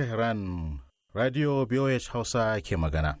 Tehran, Radio BOH Hausa ke magana.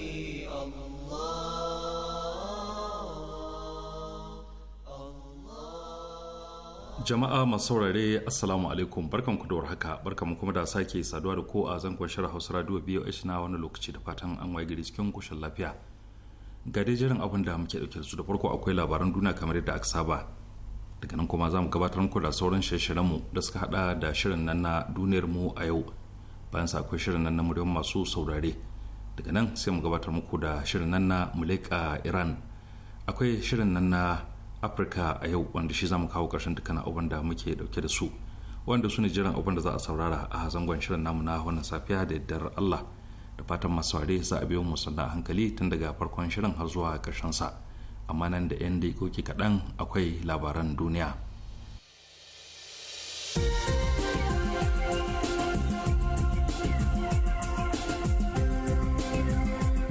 jama'a masu saurare assalamu alaikum barkan ku da warhaka barkan mu kuma da sake saduwa da ko a zangon shirin hausa radio BOH na wani lokaci da fatan an waye gari cikin kushin lafiya ga dai jiran abin da muke dauke da su da farko akwai labaran duniya kamar yadda aka saba daga nan kuma za mu gabatar muku da sauran shirye mu da suka hada da shirin nan na duniyar mu a yau bayan sa akwai shirin nan na mu masu saurare daga nan sai mu gabatar muku da shirin nan na mulika iran akwai shirin nan na afirka a yau wanda shi zamu kawo karshen dukkan abin da muke dauke da su wanda su ne jiran abin da za a saurara a zangon shirin namu na wannan safiya da yaddar allah da fatan masu ware za a biyo mu sannan hankali tun daga farkon shirin har zuwa karshen sa amma nan da yan daikoki kaɗan akwai labaran duniya.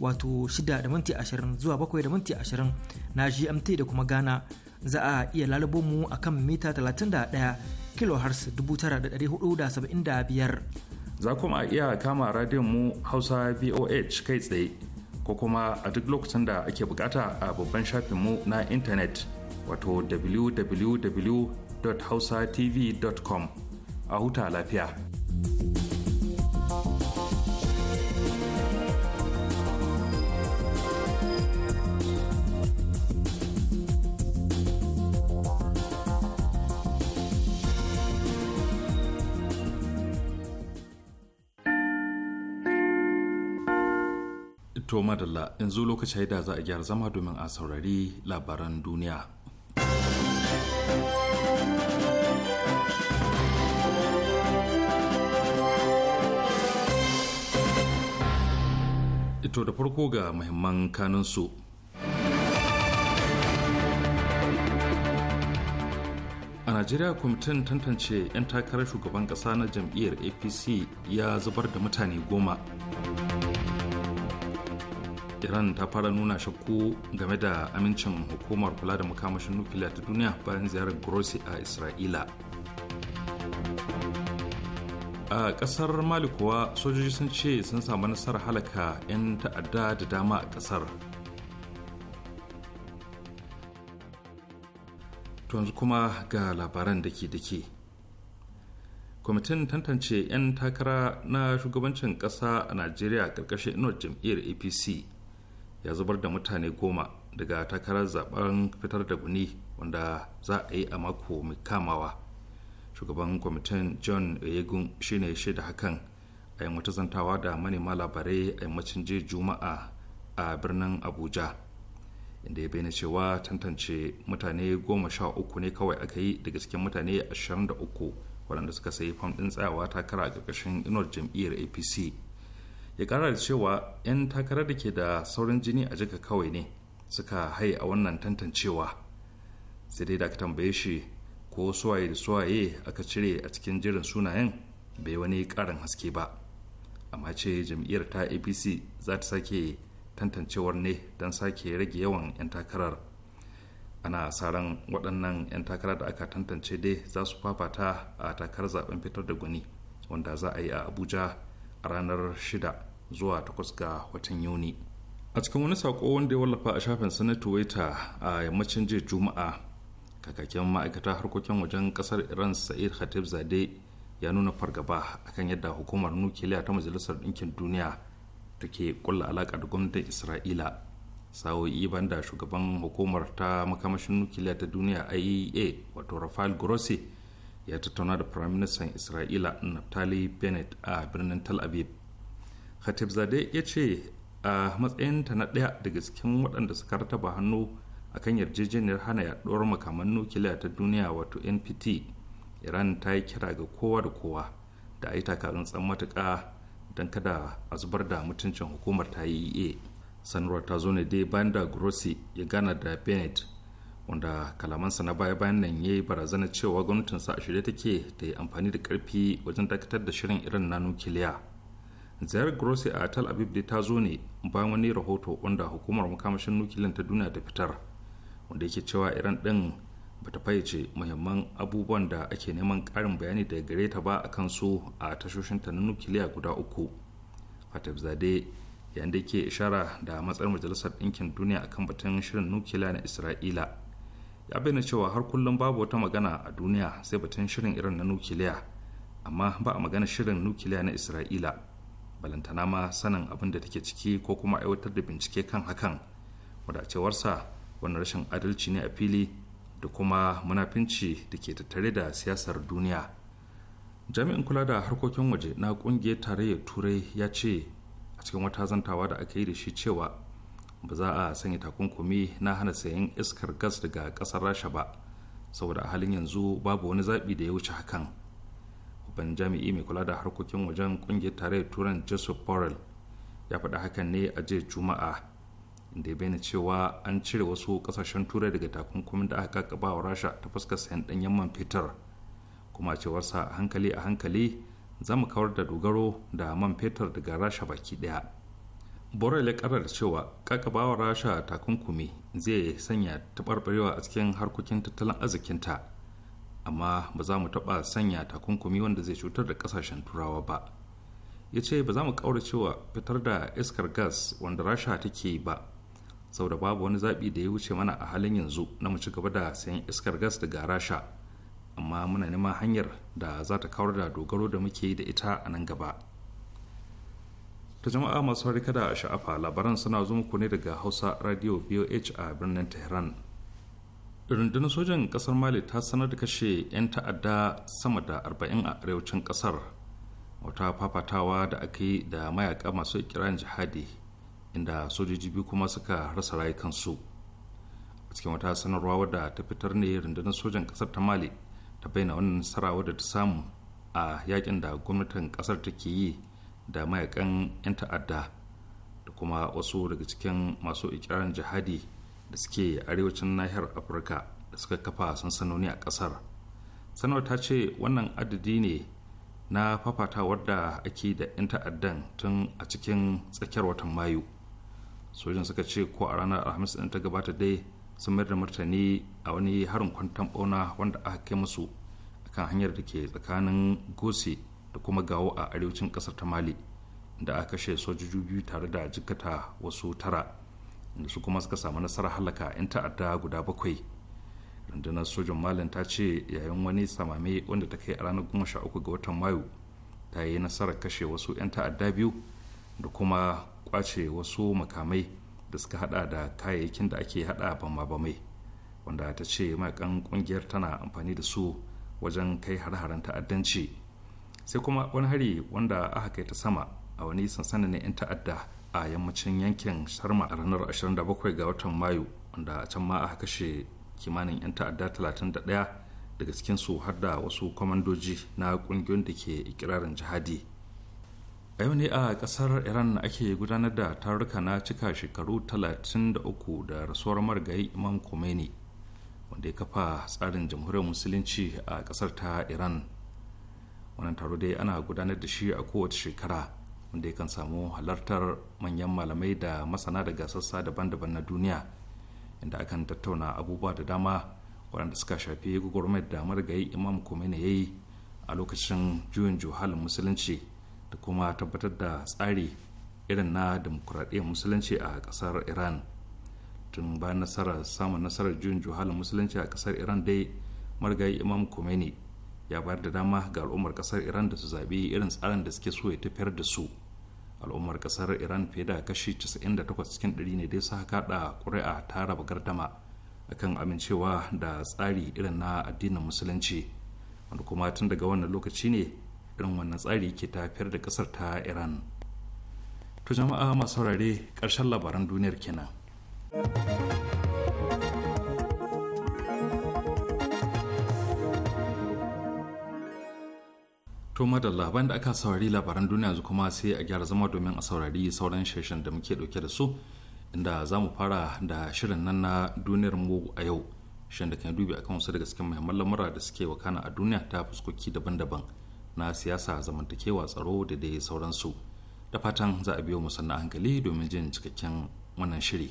wato 6 da minti 20 zuwa 7 da minti 20 na GMT da kuma Ghana za a iya lalabo mu a kan mita 31 kilohertz 9475. Za kuma iya kama radiyon mu Hausa VOH kai tsaye ko kuma a duk lokacin da ake bukata a babban shafinmu na intanet wato www.hausatv.com a huta lafiya. To madalla yanzu lokaci da za a gyara zama domin a saurari labaran duniya. Ito da farko ga muhimman kanunsu. A Najeriya kwamitin tantance 'yan takarar shugaban ƙasa na jam'iyyar APC ya zubar da mutane goma. iran ta fara nuna shakku game da amincin hukumar kula da makamashin nukiliya ta duniya bayan ziyarar grossi a isra'ila a kasar mali kuwa sojoji sun ce sun samu nasarar halaka 'yan ta'adda da dama a kasar yanzu kuma ga labaran da ke da ke kwamitin tantance 'yan takara na shugabancin kasa a najeriya ƙarƙashin inuwar jam'iyyar apc ya zubar da mutane goma daga takarar zaben fitar da guni wanda za a yi a mako mai kamawa shugaban kwamitin john oyegun shine shaida hakan a yi wata zantawa da manema labarai a yammacin jiya juma'a a birnin abuja inda ya bayyana cewa tantance mutane goma sha uku ne kawai aka yi daga cikin mutane ashirin da uku waɗanda suka sayi fam ɗin tsayawa takara a ƙarƙashin inuwar jam'iyyar apc ya kara da cewa 'yan takarar da ke da saurin jini a jika kawai ne suka hai a wannan tantancewa sai dai da aka tambaye shi ko suwaye da suwaye aka cire a cikin jirin sunayen bai wani karin haske ba amma ce jam'iyyar ta apc za ta sake tantancewar ne don sake rage yawan 'yan takarar ana saran waɗannan 'yan takara da aka tantance dai za su fafata a takarar zaben fitar da gwani wanda za a yi a abuja a ranar 6 zuwa 8 ga watan yuni a cikin wani sako wanda ya wallafa a shafin sa na a yammacin jiya juma'a kakakin ma'aikata harkokin wajen kasar iran sa'id khatib zade ya nuna fargaba akan yadda hukumar nukiliya ta majalisar ɗinkin duniya take kulla alaƙa da gwamnatin isra'ila sa'o'i banda shugaban hukumar ta makamashin nukiliya ta duniya iea wato rafael grossi ya tattauna da firaministan isra'ila naftali bennett a birnin tal aviv khatibzade ya ce a matsayinta na ɗaya daga cikin waɗanda suka rataba hannu a kan yarjejeniyar hana yaɗuwar makaman nukiliya ta duniya wato npt iran ta yi kira ga kowa da kowa da a yi tsan matuƙa don kada a zubar da mutuncin hukumar ta yi e sanarwar ta zo ne dai bayan da grossi ya gana da bennett wanda kalamansa na baya bayan nan ya yi barazana cewa gwamnatinsa a shirye take ta yi amfani da karfi wajen dakatar da shirin irin na nukiliya ziyarar grossi a tal aviv dai ta zo ne bayan wani rahoto wanda hukumar makamashin nukiliyar ta duniya ta fitar wanda yake cewa iran din ba bata fayyace muhimman abubuwan da ake neman karin bayani daga gare ta ba a kansu a tashoshin ta na nukiliya guda uku zade yayin da ke ishara da matsayar majalisar ɗinkin duniya akan batun shirin nukiliya na isra'ila ya bayyana cewa har kullum babu wata magana a duniya sai batun shirin irin na nukiliya amma ba a magana shirin nukiliya na isra'ila balantana ma sanin abin da take ciki ko kuma aiwatar da bincike kan hakan wadacewarsa wani rashin adalci ne a fili da kuma munafinci da ke tattare da siyasar duniya jami'in kula da harkokin waje na kungiyar tarayyar turai ya ce a cikin wata zantawa da aka yi da shi cewa ba za a sanya takunkumi na hana sayan iskar gas daga kasar rasha ba saboda a halin yanzu babu wani zaɓi da ya wuce hakan babban jami'i mai kula da harkokin wajen kungiyar tarayyar turan joseph borrell ya faɗi hakan ne a jiya juma'a inda ya bayyana cewa an cire wasu ƙasashen turai daga takunkumin da aka kaba wa rasha ta fuskar sayan ɗanyen man fetur kuma cewarsa a hankali a hankali za mu kawar da dogaro da man fetur daga rasha baki ɗaya borrell ya da cewa wa rasha takunkumi zai sanya taɓarɓarewa a cikin harkokin tattalin arzikinta amma ba za mu taɓa sanya takunkumi wanda zai cutar da ƙasashen turawa ba ya ce ba za mu ƙauracewa fitar da iskar gas wanda rasha take ba saboda babu wani zaɓi da ya wuce mana a halin yanzu na mu ci gaba da sayan iskar gas daga rasha amma muna neman hanyar da za ta kawar da dogaro da muke yi da ita a nan gaba ta jama'a masu harika da sha'afa labaran suna zo muku ne daga hausa radio voh a birnin tehran rundunar sojan kasar mali ta sanar da kashe 'yan ta'adda sama da 40 a arewacin kasar wata fafatawa da aka yi da mayaka masu kiran jihadi inda sojoji biyu kuma suka rasa rayukansu a cikin wata sanarwa wadda ta fitar ne rundunar sojan kasar ta mali ta bayyana wannan nasara wadda ta samu a yakin da gwamnatin kasar take yi da mayakan 'yan ta'adda da kuma wasu daga cikin masu ikirarin jihadi da suke arewacin nahiyar afirka da suka kafa sansanoni a kasar sanar ta ce wannan adadi ne na fafatawar da ake da 'yan ta'addan tun a cikin tsakiyar watan mayu sojin suka ce ko a ranar alhamis ɗin ta gabata dai sun mayar da martani a wani harin kwantan bauna wanda aka kai musu kan hanyar da ke tsakanin gosi da kuma gawo a arewacin ƙasar ta mali da aka kashe sojoji biyu tare da jikata wasu tara da su kuma suka samu nasarar halaka 'yan ta'adda guda bakwai rundunar sojan malin ta ce yayin wani samame wanda ta kai a ranar sha uku ga watan mayu ta yi nasarar kashe wasu 'yan ta'adda biyu da kuma kwace wasu makamai da suka hada da kayayyakin da ake hada bama-bamai wanda ta ce makan kungiyar tana amfani da su wajen kai har-haren ta'addanci sai kuma wani hari wanda aka kai ta sama a wani sansanin 'yan ta'adda a yammacin yankin sharma a ranar 27 ga watan mayu wanda can ma a kashe kimanin 'yan ta'adda 31 daga cikinsu har da wasu kwamandoji na kungiyoyin da ke ikirarin jihadi a yau ne a kasar iran ake gudanar da taruka na cika shekaru 33 da rasuwar marigayi imam khomeini wanda ya kafa tsarin jamhuriyar musulunci a kasar ta iran wannan taro dai ana gudanar da shi a kowace shekara wanda yakan samu halartar manyan malamai da masana daga sassa daban-daban na duniya inda akan tattauna abubuwa da dama waɗanda suka shafi gwagwarmayar da marigayi imam Khomeini ya yi a lokacin juyin juhalin musulunci da kuma tabbatar da tsari irin na demokuraɗiyyar musulunci a ƙasar iran tun bayan nasarar samun nasarar juyin juhalin musulunci a ƙasar iran dai margayi imam Khomeini ya bayar da dama ga al'ummar kasar iran da su zaɓi irin tsarin da suke so ya tafiyar da su al'ummar kasar iran fiye da kashi 98 cikin 100 ne dai su kada ƙuri'a ta raba gardama akan amincewa da tsari irin na addinin musulunci wanda kuma tun daga wannan lokaci ne irin wannan tsari ke tafiyar da kasar ta iran to jama'a masu saurare ƙarshen labaran duniyar kenan To madalla bayan da aka saurari labaran duniya yanzu kuma sai a gyara zama domin a saurari sauran shirin da muke dauke da su inda za mu fara da shirin nan na duniyar mu a yau shirin da kan dubi akan wasu daga cikin muhimman lamura da suke wakana a duniya ta fuskoki daban-daban na siyasa zamantakewa tsaro da dai sauransu da fatan za a biyo mu sannan hankali domin jin cikakken wannan shiri.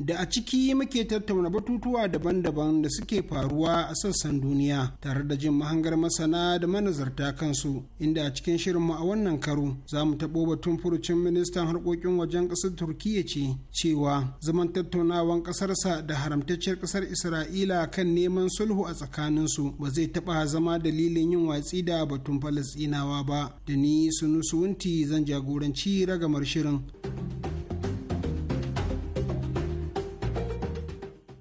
da a ciki muke tattauna batutuwa daban-daban da suke faruwa a sassan duniya tare da jin mahangar masana da manazarta kansu inda a cikin shirinmu a wannan karo za mu taɓo batun furucin ministan harkokin wajen ƙasar turkiyya ce cewa zaman tattaunawan ƙasarsa da haramtacciyar ƙasar isra'ila kan neman sulhu a tsakaninsu ba zai taɓa zama dalilin yin watsi da batun falasɗinawa ba da ni sunusuwunti zan jagoranci ragamar shirin.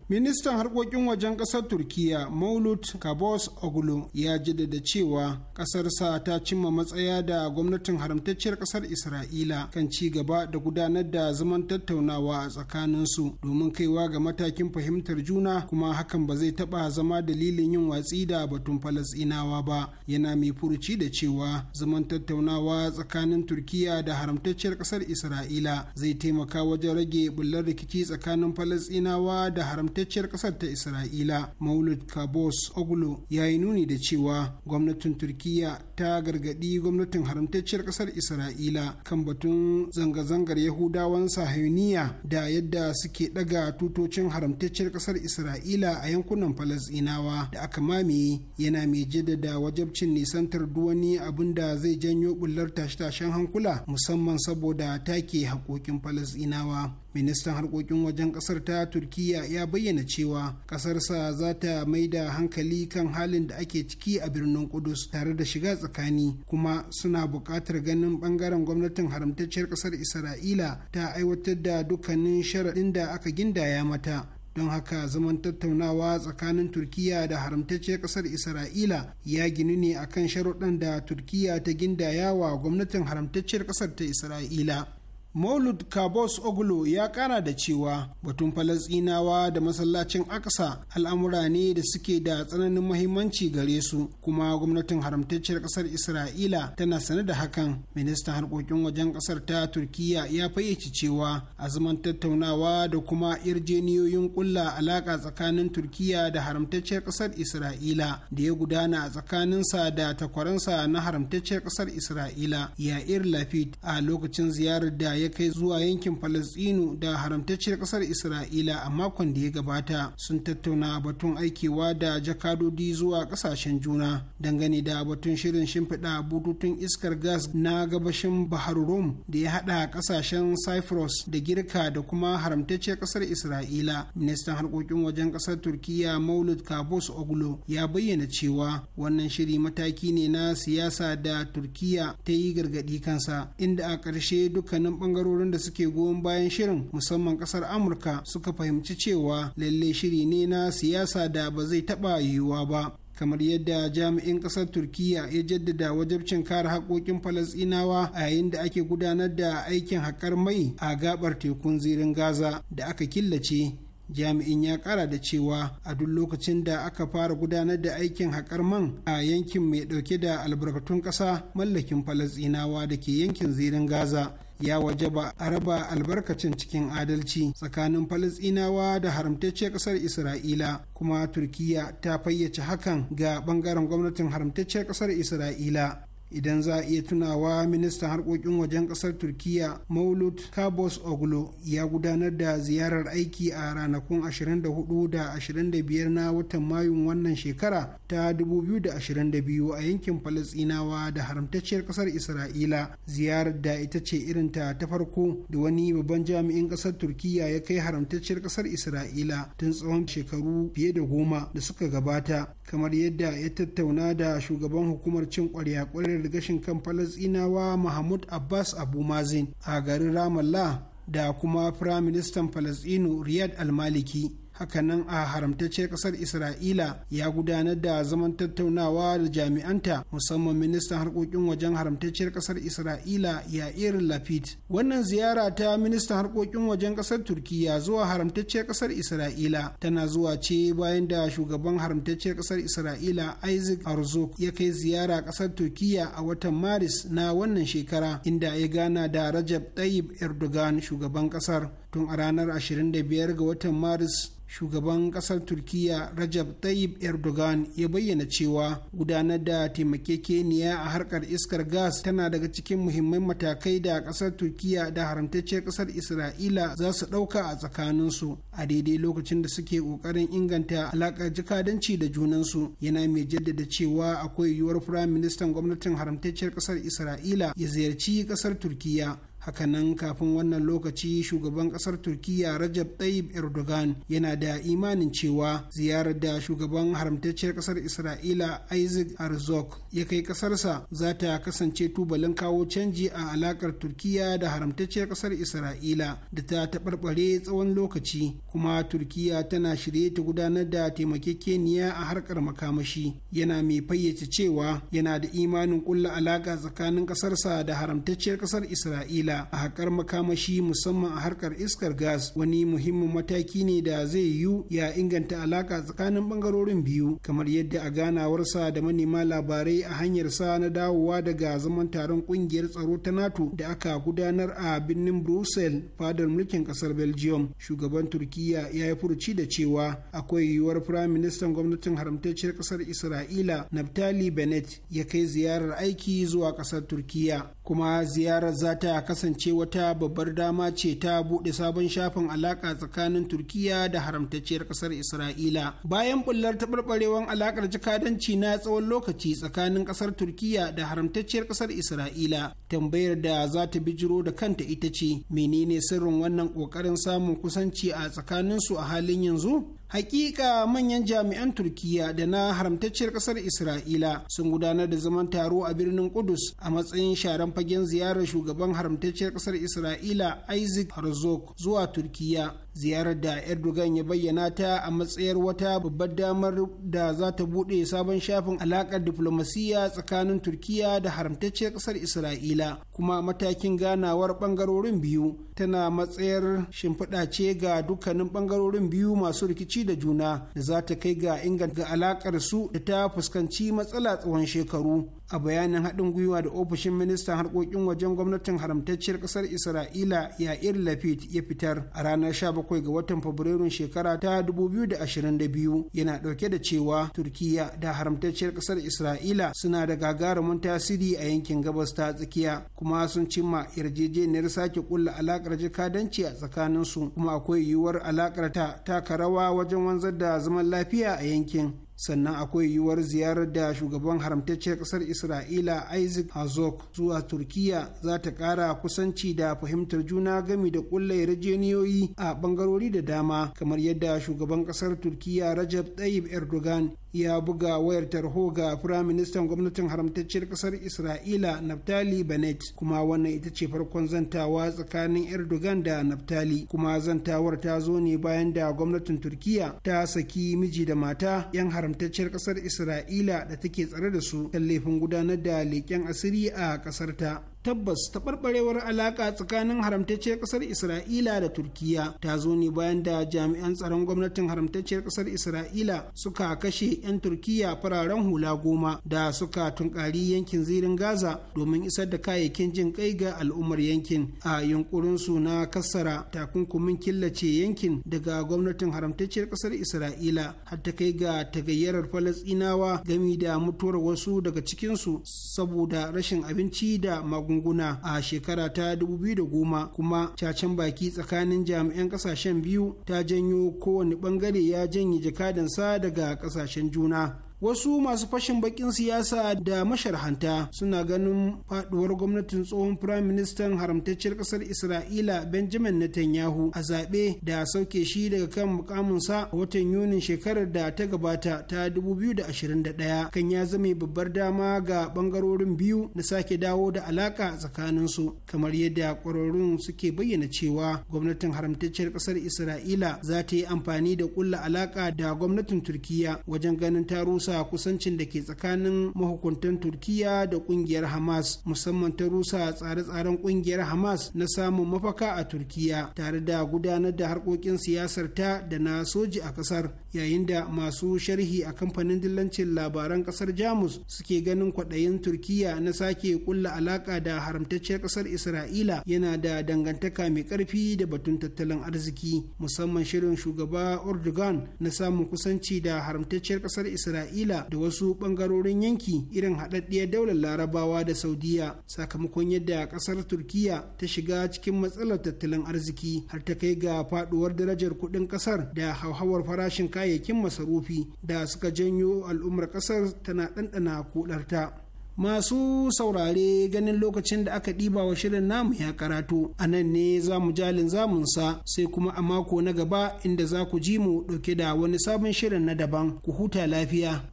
ministan harkokin wajen kasar turkiya maulut kabos oglu ya jaddada cewa ƙasarsa ta cimma matsaya da gwamnatin haramtacciyar kasar isra'ila kan ci gaba da gudanar da zaman tattaunawa a tsakaninsu domin kaiwa ga matakin fahimtar juna kuma hakan ba zai taba zama dalilin yin watsi da batun falasinawa ba yana mai furuci da cewa zaman tattaunawa tsakanin turkiya da haramtacciyar kasar isra'ila zai taimaka wajen rage bullar rikici tsakanin falasinawa da haramtacciyar haramtacciyar ƙasar ta isra'ila maulud kabos oglu ya yi nuni da cewa gwamnatin turkiya ta gargaɗi gwamnatin haramtacciyar ƙasar isra'ila kan batun zanga-zangar yahudawan sahiniya da yadda suke ɗaga tutocin haramtacciyar ƙasar isra'ila a yankunan falasɗinawa da aka mamaye yana mai jaddada wajabcin nisantar duwani abin da zai janyo bullar tashe-tashen hankula musamman saboda take haƙoƙin falasɗinawa ministan harkokin wajen kasar ta turkiya ya bayyana cewa kasarsa za ta mai da hankali kan halin da ake ciki a birnin kudus tare da shiga tsakani kuma suna buƙatar ganin bangaren gwamnatin haramtacciyar kasar isra'ila ta aiwatar da dukkanin sharaɗin da aka gindaya mata don haka zaman tattaunawa tsakanin turkiya da haramtacciyar kasar isra'ila ya ginu ne akan sharuɗan da turkiya ta gindaya wa gwamnatin haramtacciyar kasar ta isra'ila maulud kabos ogulo ya kara da cewa batun falasinawa da masallacin aksa al'amura ne da suke da tsananin mahimmanci gare su kuma gwamnatin haramtacciyar kasar isra'ila tana sane da hakan ministan harkokin wajen kasar ta turkiyya ya fayyace cewa azuman tattaunawa da kuma yarjeniyoyin kulla alaƙa tsakanin turkiyya da haramtacciyar kasar isra'ila da ya gudana a tsakaninsa da takwaransa na haramtacciyar kasar isra'ila yair lafit a lokacin ziyarar da ya ya kai zuwa yankin falasɗinu da haramtacciyar kasar isra'ila a makon da ya gabata sun tattauna batun aikewa da jakadodi zuwa kasashen juna dangane da batun shirin shimfiɗa bututun iskar gas na gabashin bahar rum da ya haɗa ƙasashen cyprus da girka da kuma haramtacciyar kasar isra'ila ministan harkokin wajen ƙasar turkiya maulud kabus oglo ya bayyana cewa wannan shiri mataki ne na siyasa da turkiya ta yi gargaɗi kansa inda a ƙarshe dukkanin ɓangaren bangarorin da suke goyon bayan shirin musamman kasar amurka suka fahimci cewa lalle shiri ne na siyasa da ba zai taɓa yiwuwa ba kamar yadda jami'in ƙasar turkiya ya jaddada wajabcin kare haƙoƙin falasɗinawa a yayin da ake gudanar da aikin haƙar mai a gabar tekun zirin gaza da aka killace jami'in ya ƙara da cewa a duk lokacin da aka fara gudanar da aikin haƙar man a yankin mai ɗauke da albarkatun ƙasa mallakin falasɗinawa da ke yankin zirin gaza ya waje ba a raba albarkacin cikin adalci tsakanin falasɗinawa da haramtacciyar ƙasar isra'ila kuma turkiya ta fayyace hakan ga ɓangaren gwamnatin haramtacciyar ƙasar isra'ila idan za a iya tunawa ministan harkokin wajen kasar turkiya maulud kabos oglo ya gudanar da ziyarar aiki a ranakun 24 da 25 na watan mayun wannan shekara ta 2022 a yankin falasinawa da haramtacciyar kasar isra'ila ziyarar da ita ce irin ta ta farko da wani babban jami'in kasar turkiya ya kai haramtacciyar kasar isra'ila tun tsawon shekaru fiye da goma da suka gabata kamar yadda ya tattauna da shugaban hukumar cin kwarya da gashin kan falasinawa mahmud abbas abu mazin a garin ramallah da kuma firaministan falasɗinu riyad almaliki hakanan a haramtacciyar kasar isra'ila ya gudanar da zaman tattaunawa da jami'anta musamman ministan harkokin wajen haramtacciyar kasar isra'ila yair lafit wannan ziyara ta ministan harkokin wajen kasar turkiya zuwa haramtacciyar kasar isra'ila tana zuwa ce bayan da shugaban haramtacciyar kasar isra'ila isaac arzok ya kai ziyara kasar turkiya a watan maris na wannan shekara inda ya gana da rajab tayyib erdogan shugaban kasar tun a ranar 25 ga watan maris shugaban kasar turkiya rajab tayyip erdogan ya bayyana cewa gudanar da taimakekeniya a harkar iskar gas tana daga cikin muhimman matakai da kasar turkiya da haramtacciyar kasar isra'ila za su dauka a tsakaninsu a daidai lokacin da suke kokarin inganta alaƙar jikadanci da junansu yana mai jaddada cewa akwai yiwuwar firayim ministan gwamnatin haramtacciyar kasar isra'ila ya ziyarci kasar turkiya hakanan kafin wannan lokaci shugaban kasar turkiya rajab tayyip erdogan yana da imanin cewa ziyarar da shugaban haramtacciyar kasar isra'ila isaac arzok ya kai kasarsa za ta kasance tubalin kawo canji a alakar turkiya da haramtacciyar kasar isra'ila da ta taɓarɓare tsawon lokaci kuma turkiya tana shirye ta gudanar da taimakekeniya a harkar makamashi yana mai fayyace cewa yana da imanin kulla alaka tsakanin kasarsa da haramtacciyar kasar isra'ila a hakar makamashi musamman a harkar iskar gas wani muhimmin mataki ne da zai yiwu ya inganta alaƙa tsakanin ɓangarorin biyu kamar yadda a ganawarsa da manema labarai a hanyar sa na dawowa daga zaman taron ƙungiyar tsaro ta nato da aka gudanar a birnin brussel fadar mulkin ƙasar belgium shugaban turkiya ya yi furuci da cewa akwai yiwuwar firayim gwamnatin haramtacciyar ƙasar isra'ila naftali bennett ya kai ziyarar aiki zuwa ƙasar Turkiyya, kuma ziyarar za ta kasance kasance wata babbar dama ce ta buɗe sabon shafin alaƙa tsakanin turkiya da haramtacciyar ƙasar isra'ila bayan bullar taɓarɓarewar alaƙar jakadanci na tsawon lokaci tsakanin ƙasar turkiya da haramtacciyar ƙasar isra'ila tambayar da za ta bijiro da kanta ita ce menene sirrin wannan ƙoƙarin samun kusanci a tsakaninsu a halin yanzu Hakika manyan jami'an turkiya da na haramtacciyar kasar Isra'ila sun gudanar da zaman taro a birnin Kudus a matsayin sharan fagen ziyarar shugaban haramtacciyar kasar Isra'ila Isaac Herzog zuwa turkiya. ziyarar da erdogan ya bayyana ta a matsayar wata babbar damar da za ta buɗe sabon shafin alaƙar diflomasiyya tsakanin turkiya da haramtacciyar ƙasar isra'ila kuma matakin ganawar ɓangarorin biyu tana matsayar shimfiɗa ce ga dukkanin ɓangarorin biyu masu rikici da juna da za ta kai ga inganta alaƙar su da ta fuskanci matsala tsawon shekaru a bayanin haɗin gwiwa da ofishin ministan harkokin wajen gwamnatin haramtacciyar ƙasar isra'ila yair lafit ya fitar a ranar 17 ga watan fabrairun shekara ta 2022 yana ɗauke da cewa turkiya da haramtacciyar ƙasar isra'ila suna da gagarumin tasiri a yankin gabas ta tsakiya kuma sun cimma yarjejeniyar sake kulla alaƙar jikadanci a tsakaninsu kuma akwai yiwuwar alaƙar ta taka rawa wajen wanzar da zaman lafiya a yankin sannan akwai yiwuwar ziyarar da shugaban haramtacciyar ƙasar isra'ila isaac hazok zuwa turkiya za ta ƙara kusanci da fahimtar juna gami da ƙulla yarjejeniyoyi a ɓangarori da dama kamar yadda shugaban ƙasar turkiya rajab tayyip erdogan ya buga wayar tarho ga firaministan gwamnatin haramtacciyar kasar isra'ila naftali bennett kuma wannan ita ce farkon zantawa tsakanin erdogan da naftali kuma zantawar ta zo ne bayan da gwamnatin turkiya ta saki miji da mata yan haramtacciyar kasar isra'ila da take tsare da su kan laifin gudanar da leƙen asiri a kasar ta tabbas taɓarɓarewar alaƙa tsakanin haramtacciyar ƙasar isra'ila da turkiya ta zo ne bayan da jami'an tsaron gwamnatin haramtacciyar ƙasar isra'ila suka kashe 'yan turkiya fararen hula goma da suka tunkari yankin zirin gaza domin isar da kayayyakin jin kai ga al'ummar yankin a yunkurinsu na kassara takunkumin killace yankin daga gwamnatin haramtacciyar ƙasar isra'ila har ta kai ga tagayyarar falastinawa gami da mutuwar wasu daga cikinsu saboda rashin abinci da magungunan magunguna a shekara ta 2010 kuma cacen baki tsakanin jami'an kasashen biyu ta janyo kowane bangare ya janye jakadansa daga kasashen juna wasu masu fashin bakin siyasa da masharhanta suna ganin faduwar gwamnatin tsohon firaministan haramtacciyar kasar isra'ila benjamin netanyahu a zaɓe da sauke shi daga kan mukaminsa a watan yunin shekarar da ta gabata ta 2021 kan ya zama babbar dama ga bangarorin biyu na sake dawo da alaka tsakaninsu kamar yadda kwararrun suke bayyana cewa gwamnatin haramtacciyar kasar isra'ila za ta yi amfani da kulla alaka da gwamnatin turkiya wajen ganin taro rusa kusancin da ke tsakanin mahukuntan turkiya da kungiyar hamas musamman ta rusa tsare-tsaren kungiyar hamas na samun mafaka a turkiya tare da gudanar da harkokin siyasar ta da na soji a kasar yayin da masu sharhi a kamfanin dillancin labaran kasar jamus suke ganin kwaɗayin turkiya na sake kulla alaka da haramtacciyar kasar isra'ila yana da dangantaka mai ƙarfi da batun tattalin arziki musamman shirin shugaba erdogan na samun kusanci da haramtacciyar kasar isra'ila isra'ila da wasu ɓangarorin yanki irin haɗaɗɗiyar daular larabawa da saudiya sakamakon yadda ƙasar turkiya ta shiga cikin matsalar tattalin arziki har ta kai ga faɗuwar darajar kuɗin ƙasar da hauhawar farashin kayayyakin masarufi da suka janyo al'ummar ƙasar tana ɗanɗana kuɗarta. masu saurare ganin lokacin da aka ɗiba wa shirin namu ya karatu a nan ne za mu jalin zamunsa sai kuma a mako na gaba inda za ku ji mu ɗauke da wani sabon shirin na daban ku huta lafiya.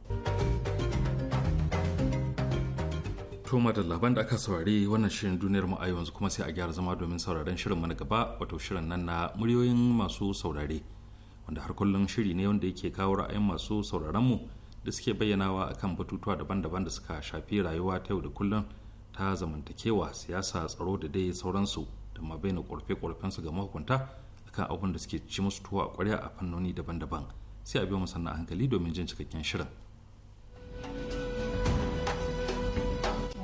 Toma da laban da aka saurari wannan shirin duniyar mu a yanzu kuma sai a gyara zama domin sauraron shirin mana gaba wato shirin nan na muryoyin masu saurare wanda har kullum shiri ne wanda yake kawo ra'ayin masu sauraron mu da suke bayyanawa akan batutuwa daban-daban da suka shafi rayuwa ta yau da kullum ta zamantakewa siyasa tsaro da dai sauransu da ma bayyana ƙorafe su ga mahukunta akan abin da suke ci musu tuwa a ƙwarya a fannoni daban-daban sai a biyo mu sannan hankali domin jin cikakken shirin.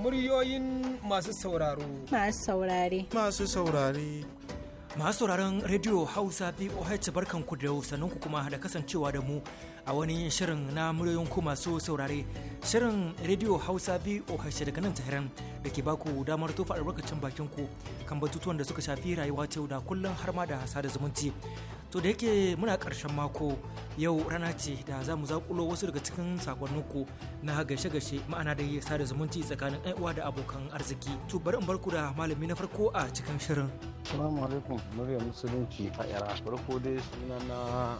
Muryoyin masu sauraro. Masu saurare. Masu saurare. Masu sauraron Radio Hausa BOH barkanku da ku kuma da kasancewa da mu a wani shirin na muryoyin ku masu saurare shirin rediyo hausa boh daga nan tahiran da ke baku damar tofa albarkacin bakin ku kan batutuwan da suka shafi rayuwa ta da kullum har ma da sada zumunci to da yake muna karshen mako yau rana ce da za mu zakulo wasu daga cikin ku na gashe-gashe ma'ana da sada zumunci tsakanin uwa da abokan arziki to bari in barku da malami na farko a cikin shirin Assalamu alaikum murya musulunci a yara farko dai suna na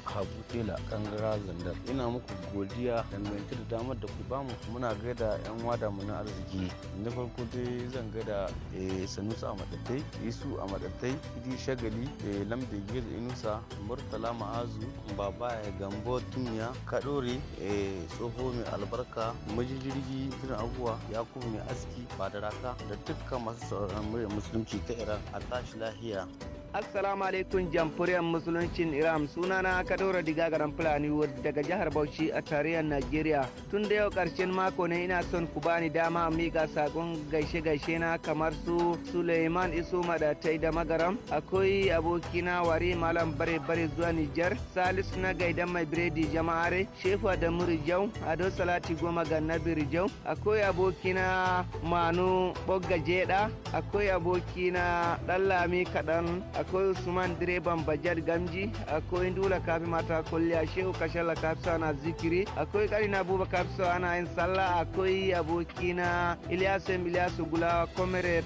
habu tela kangara zanda Nijar. Ina muku godiya dangance da damar da ku bamu muna gaida yan wada mu na arziki. Na farko dai zan gaida eh, Sanusa a matattai Isu a matattai Idi Shagali, eh, Lambe Gil Inusa, Murtala Ma'azu, Baba Gambo Tunya, kadori eh, Tsoho Mai Albarka, Majijirgi abuwa ya Yakubu Mai Aski, Badaraka da dukkan masu sauraron musulunci ta Iran a tashi lahiya. Assalamu alaikum jamhuriyar musuluncin Iran sunana Kadora Diga garan Fulani daga jihar Bauchi a tarayyar Najeriya. Tun da yau karshen mako ne ina son ku bani dama mika sakon gaishe gaishe na kamar su Suleiman Isu Madatai da Magaram, akwai abokina Wari Malam Bare Bare zuwa Nijar, Salisu na gaidan mai biredi jama'are, shefu da Murijau, Ado Salati Goma ga rijau akwai abokina Manu Bogga Jeda, akwai abokina Dallami Kaɗan, akwai usman direban bajar gamji akwai dula kafi mata a shehu kashalla kafi ana zikiri akwai karina abubakar so ana yin sallah akwai abokina yin ilyasu gulawa komere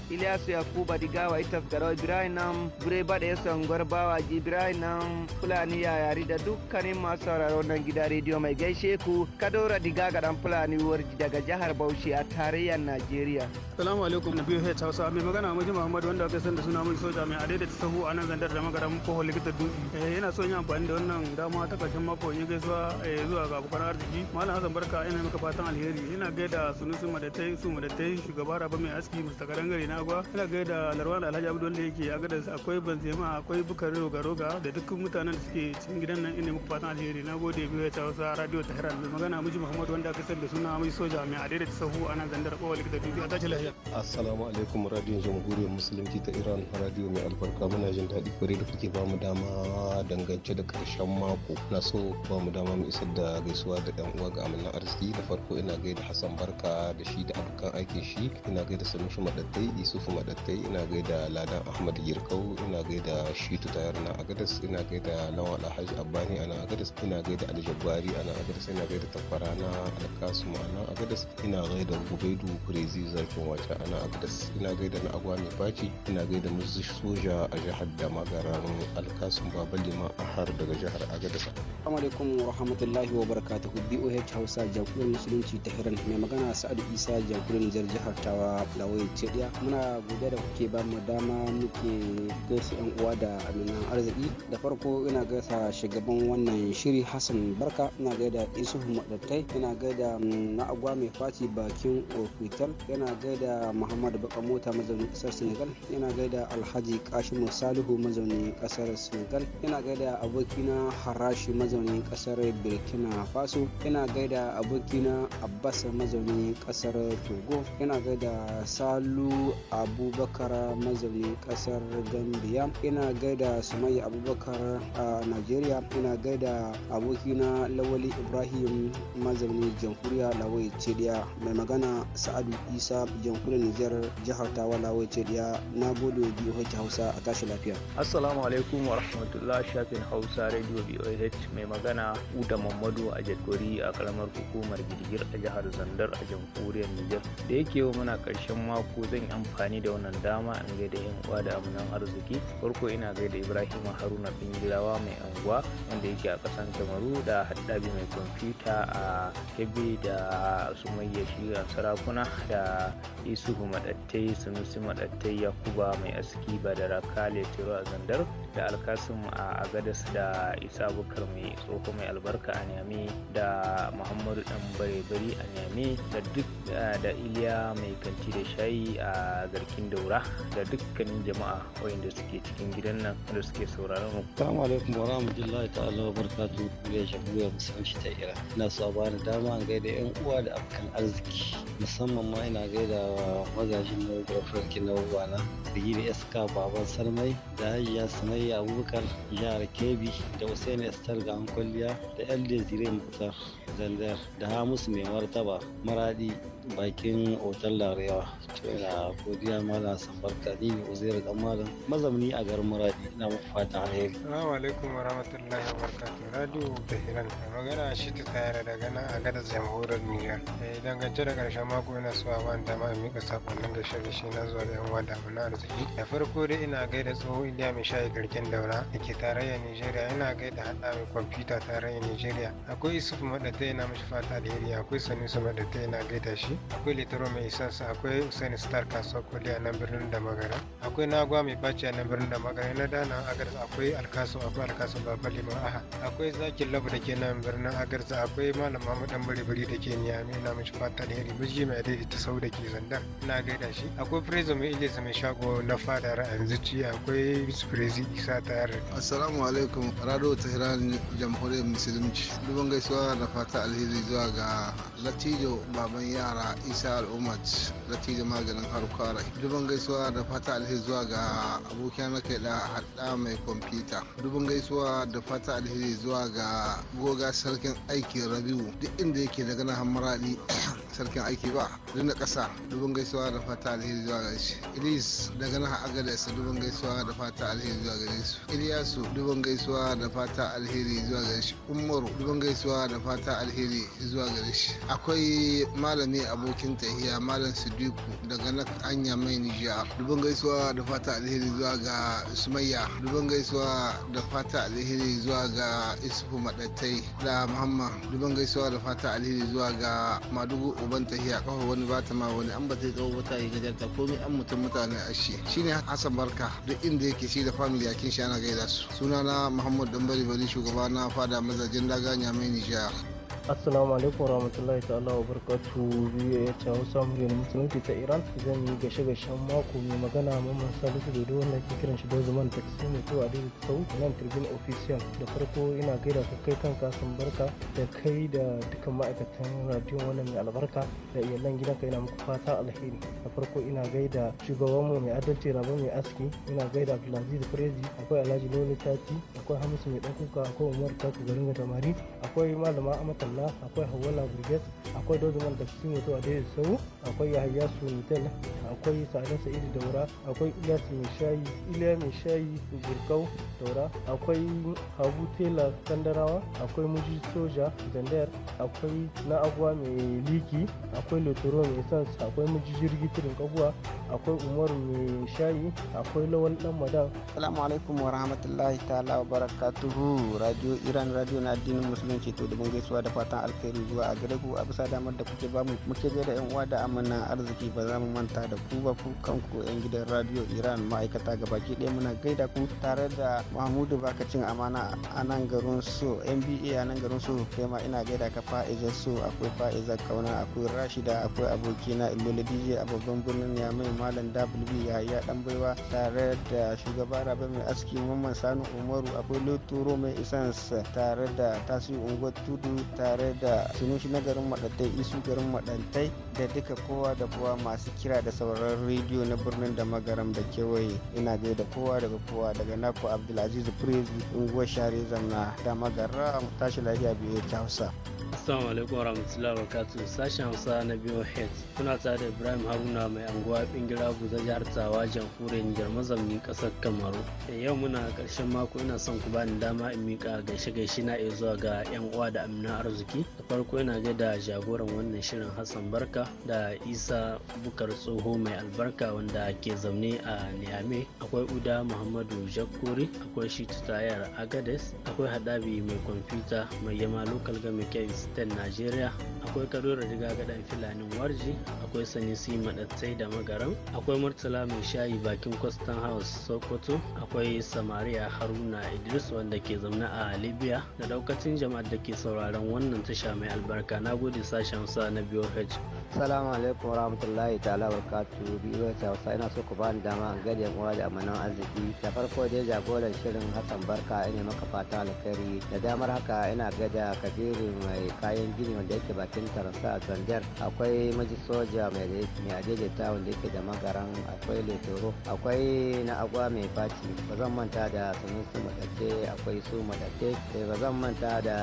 ya kuba digawa ita garawa ibrahim nan ba da yasan gwarbawa ibrahim nan fulani yari da dukkanin masu sauraro nan gida rediyo mai gaishe ku kadora diga dan fulani warji daga jihar bauchi a tarayyar najeriya salamu alaikum na biyu hausa mai magana muji muhammad wanda aka san da suna mai soja mai adaidaita sahu a nan zandar da magaram ko likita dutse eh, yana son yin amfani da wannan dama ta karshen mako yi gaisuwa eh, zuwa ga abokan arziki malam hassan barka ina maka fatan alheri ina gaida sunusu madatai su madatai shugaba raba mai aski mr karangare na gwa ina gaida larwan alhaji abdul da yake a gadas akwai banzema akwai bukari roga roga da dukkan mutanen da suke cikin gidan nan ina maka fatan alheri na gode biyu ya ta wasa radio tehran mai magana miji muhammad wanda ka san da suna mai soja mai adai da sahu a nan zandar kowa likita dutse a tashi lafiya assalamu alaikum radio jamhuriyar musulunci ta iran radio mai albarka muna jin daɗi kwarai da kuke bamu dama dangance da ƙarshen mako na so bamu dama mu isar da gaisuwa da ɗan uwa ga amina arziki da farko ina gaida hassan barka da shi da abokan aikin shi ina gaida sanushi madattai isufu madattai ina gaida ladan ahmad girkau ina gaida shitu tayar na agadas ina gaida lawan alhaji abbani ana agadas ina gaida aljabari ana agadas ina gaida takwara na alkasuma ana agadas ina gaida gubaidu kurezi zarkin wata ana agadas ina gaida na agwa mai baci ina gaida musu soja a jihar jihar da magaran alkasun baba liman ahar daga jihar agadasa assalamu alaikum wa rahmatullahi wa barakatuhu boh hausa jamhuriyar musulunci ta hiran mai magana sa'adu isa jamhuriyar nijar jihar tawa lawai cediya muna godiya da kuke ba mu dama muke gaisa yan uwa da aminan arziki da farko ina gaisa shugaban wannan shiri hassan barka ina gaida isuhu madattai ina gaida mm, na agwa mai faci bakin ofital yana gaida muhammadu baka mota mazaunin kasar senegal yana gaida alhaji kashi musa salihu mazaunin kasar senegal yana gaida abokina harashi mazaunin kasar burkina faso yana gaida abokina abbas mazaunin kasar togo yana gaida salu abubakar mazaunin kasar gambia yana gaida sumai abubakar a nigeria yana gaida abokina lawali ibrahim mazaunin jamhuriya lawai cediya mai magana sa'adu isa jamhuriyar nijar jihar tawa lawai cediya na gode wa hausa a tashi lafiya lafiya assalamu alaikum wa rahmatullah shafin hausa radio boh mai magana uda mamadu a jakori a karamar hukumar girgir a jihar zandar a jamhuriyar nijar da yake yau muna karshen mako zan yi amfani da wannan dama in gaida yan uwa da amunan arziki farko ina gaida ibrahim haruna bingilawa mai anguwa wanda yake a kasan kamaru da haddabi mai kwamfuta a Kebbi da sumayya shirin sarakuna da isuhu madattai sunusi madattai yakuba mai aski badara khalid Tero a Zandar da Alkasim a Agadas da Isa Bukar mai tsoho mai albarka a Nyami da Muhammadu Dan Barebari a Nyami da duk da Iliya mai kanti da shayi a Garkin Daura da dukkanin jama'a da suke cikin gidan nan da suke sauraron mu. Assalamu alaikum wa rahmatullahi ta'ala wa barakatuhu ya jamhuriyar musulunci ta ira. Ina so a bani dama an gaida yan uwa da abokan arziki musamman ma ina gaida wa magajin na Gurafin Kinawa na da Yiri iska Baban Sarmai da Hajiya Sumayya Abubakar jihar Kebbi da Hussein Estar ga kwalliya da El Desire Mukhtar Zandar da Hamisu Mai Martaba Maradi bakin otal larewa to ina godiya malam san barka ni ne uzairu dan malam mazamni a garin muradi ina muku fatan alheri assalamu alaikum warahmatullahi wabarakatuh radio bahiran magana shi ta tayar daga gana a gadar jamhuriyar niger eh dangance da karshen mako ina so a ma dama ka mika sakonnin da shirye shi na zuwa da yan uwa da na arziki da farko dai ina gaida tsoho iliya mai shayi garken daura da ke tarayyar nigeria ina gaida hada mai kwamfuta tarayyar nigeria akwai yusuf madatai ina mashi fata iri akwai sanusi madatai ina gaida shi akwai Litoro mai isansa, akwai Usain Star kasuwa koli a nan birnin da magara, akwai Nagwa mai baci a nan birnin da magara, na dana Agarza akwai Alkasu, akwai Alkasu Baba Liman Aha, akwai Zakin Labu da ke nan birnin Agarza, akwai Malam Mahmud Dan Bari da ke Niyami, na mishi fata alheri, miji mai ita sau da ke zandan na gaida shi. Akwai Prezo mai Ilisa mai shago na fada ra'ayin zuci akwai Bisprezi Isa Tayar. Assalamu alaikum, ta hiran Jamhuriyar Musulunci. Dubban gaisuwa da fata alheri zuwa ga Latijo Baban Yara da isa al'ummat latijo maganin harkwara dubban gaisuwa da fata alheri zuwa ga abokin na kai da hada mai kwamfuta dubban gaisuwa da fata alheri zuwa ga goga sarkin aiki rabiu duk inda yake daga na hamaradi sarkin aiki ba duk na ƙasa dubban gaisuwa da fata alheri zuwa ga shi ilis daga na agadesa dubban gaisuwa da fata alheri zuwa ga su iliyasu dubban gaisuwa da fata alheri zuwa ga shi umaru dubban gaisuwa da fata alheri zuwa ga shi akwai malami a abokin tahiya malam sidiku daga nan anya mai nijiya dubin gaisuwa da fata alheri zuwa ga sumayya dubin gaisuwa da fata alheri zuwa ga isufu madattai da muhammad dubin gaisuwa da fata alheri zuwa ga madugu uban tahiya kafa wani bata ma wani an ba ta yi tsawo wata ta yi gajarta komai an mutum mutane ashe shine hassan barka duk inda yake shi da family yakin shi ana gaida su sunana muhammad dambari bari shugaba na fada mazajen daga mai nijiya assalamu alaikum warahmatullahi ta'ala wa barkatu biyu ya ce hausa muryar musulunci ta iran zan yi gashe gashen mako mai magana mamman salisu da duk wanda ke kiran shi da zaman taksi mai kowa da sau nan tribune official da farko ina gaida ka kai kan kasan barka da kai da dukkan ma'aikatan radiyon wannan mai albarka da iyalan gidanka ina muku fata alheri da farko ina gaida shugabanmu mai adalci rabo mai aski ina gaida abdulaziz firezi akwai alhaji lolo tati akwai hamisu mai ɗan kuka akwai umar taku garin tamari akwai malama amata Allah akwai Hawala Brigade akwai Dozman da su mutu a daidai sau akwai yahaya sunitel akwai sada sa'idu daura akwai ilyas mai shayi iliya mai shayi gurkau daura akwai habu tela kandarawa akwai muji soja zandar akwai na agwa mai liki akwai lotoro mai sans akwai muji jirgi turin kaguwa akwai umar mai shayi akwai lawan dan madan assalamu alaikum wa rahmatullahi ta'ala wa barakatuhu radio iran radio na addinin musulunci to da gaisuwa da fatan alkhairi zuwa a gare ku a bisa damar da kuke ba mu muke da yan uwa da mana arziki ba za mu manta da ku ba ku kanku 'yan gidan radio iran ma'aikata gabaki ɗaya muna gaida ku tare da mahmudu bakacin amana a nan garin so nba a nan garin so kai ma ina gaida ka fa'izar so akwai faizar kauna akwai rashida akwai abokina ilola dj a babban birnin mai malam wb yi dan baiwa tare da shugaba rabe mai aski mamman sanu umaru akwai loturo mai isans tare da tasiri unguwar tudu tare da sunushi na garin maɗantai isu garin maɗantai da duka kowa da kowa masu kira da sauraron rediyo na birnin da magaram da kewaye ina da kowa daga kowa daga naku abdulaziz prezi unguwar share zamna da magara tashi lafiya biyu ta hausa Assalamu alaikum warahmatullahi wabarakatuh sashen Hausa na biyu Heads. kuna tare da Ibrahim Haruna mai anguwa bingira buza jihar Tawa jamhuriyar Nijar mazaunin kasar Kamaru. Eh, yau muna karshen mako ina son ku bani dama in mika gaishe gaishe na iya zuwa ga yan uwa da amina arziki. Da farko ina da jagoran wannan shirin Hassan Barka da Isa Bukar Tsoho mai albarka wanda ke zaune a Niamey. Akwai Uda Muhammadu Jakuri, akwai Shitu Tayar Agades, akwai Hadabi mai kwamfuta mai yama ga game eastern nigeria akwai Kadura Riga Gadan Filanin Warji akwai Sanisi Madattai da Magaran akwai Murtala Mai Shayi Bakin Kwastan House Sokoto akwai Samaria Haruna Idris wanda ke zaune a Libya da daukacin jama'ar da ke sauraron wannan tasha mai albarka na gode sashen sa na BOH salamu alaikum warahmatullahi ta'ala barkatu biyu ta wasa ina so ku bani dama an gade uwa da amanan arziki da farko dai jagoran shirin Hassan Barka ina maka fata alkhairi da damar haka ina gada kabiru mai kayan gini wanda yake bakin tarasa a Zandar akwai maji soja mai adaidaita wanda yake da magaran akwai letoro akwai na agwa mai faci ba zan manta da sanusi madake akwai su madake eh, ba zan manta da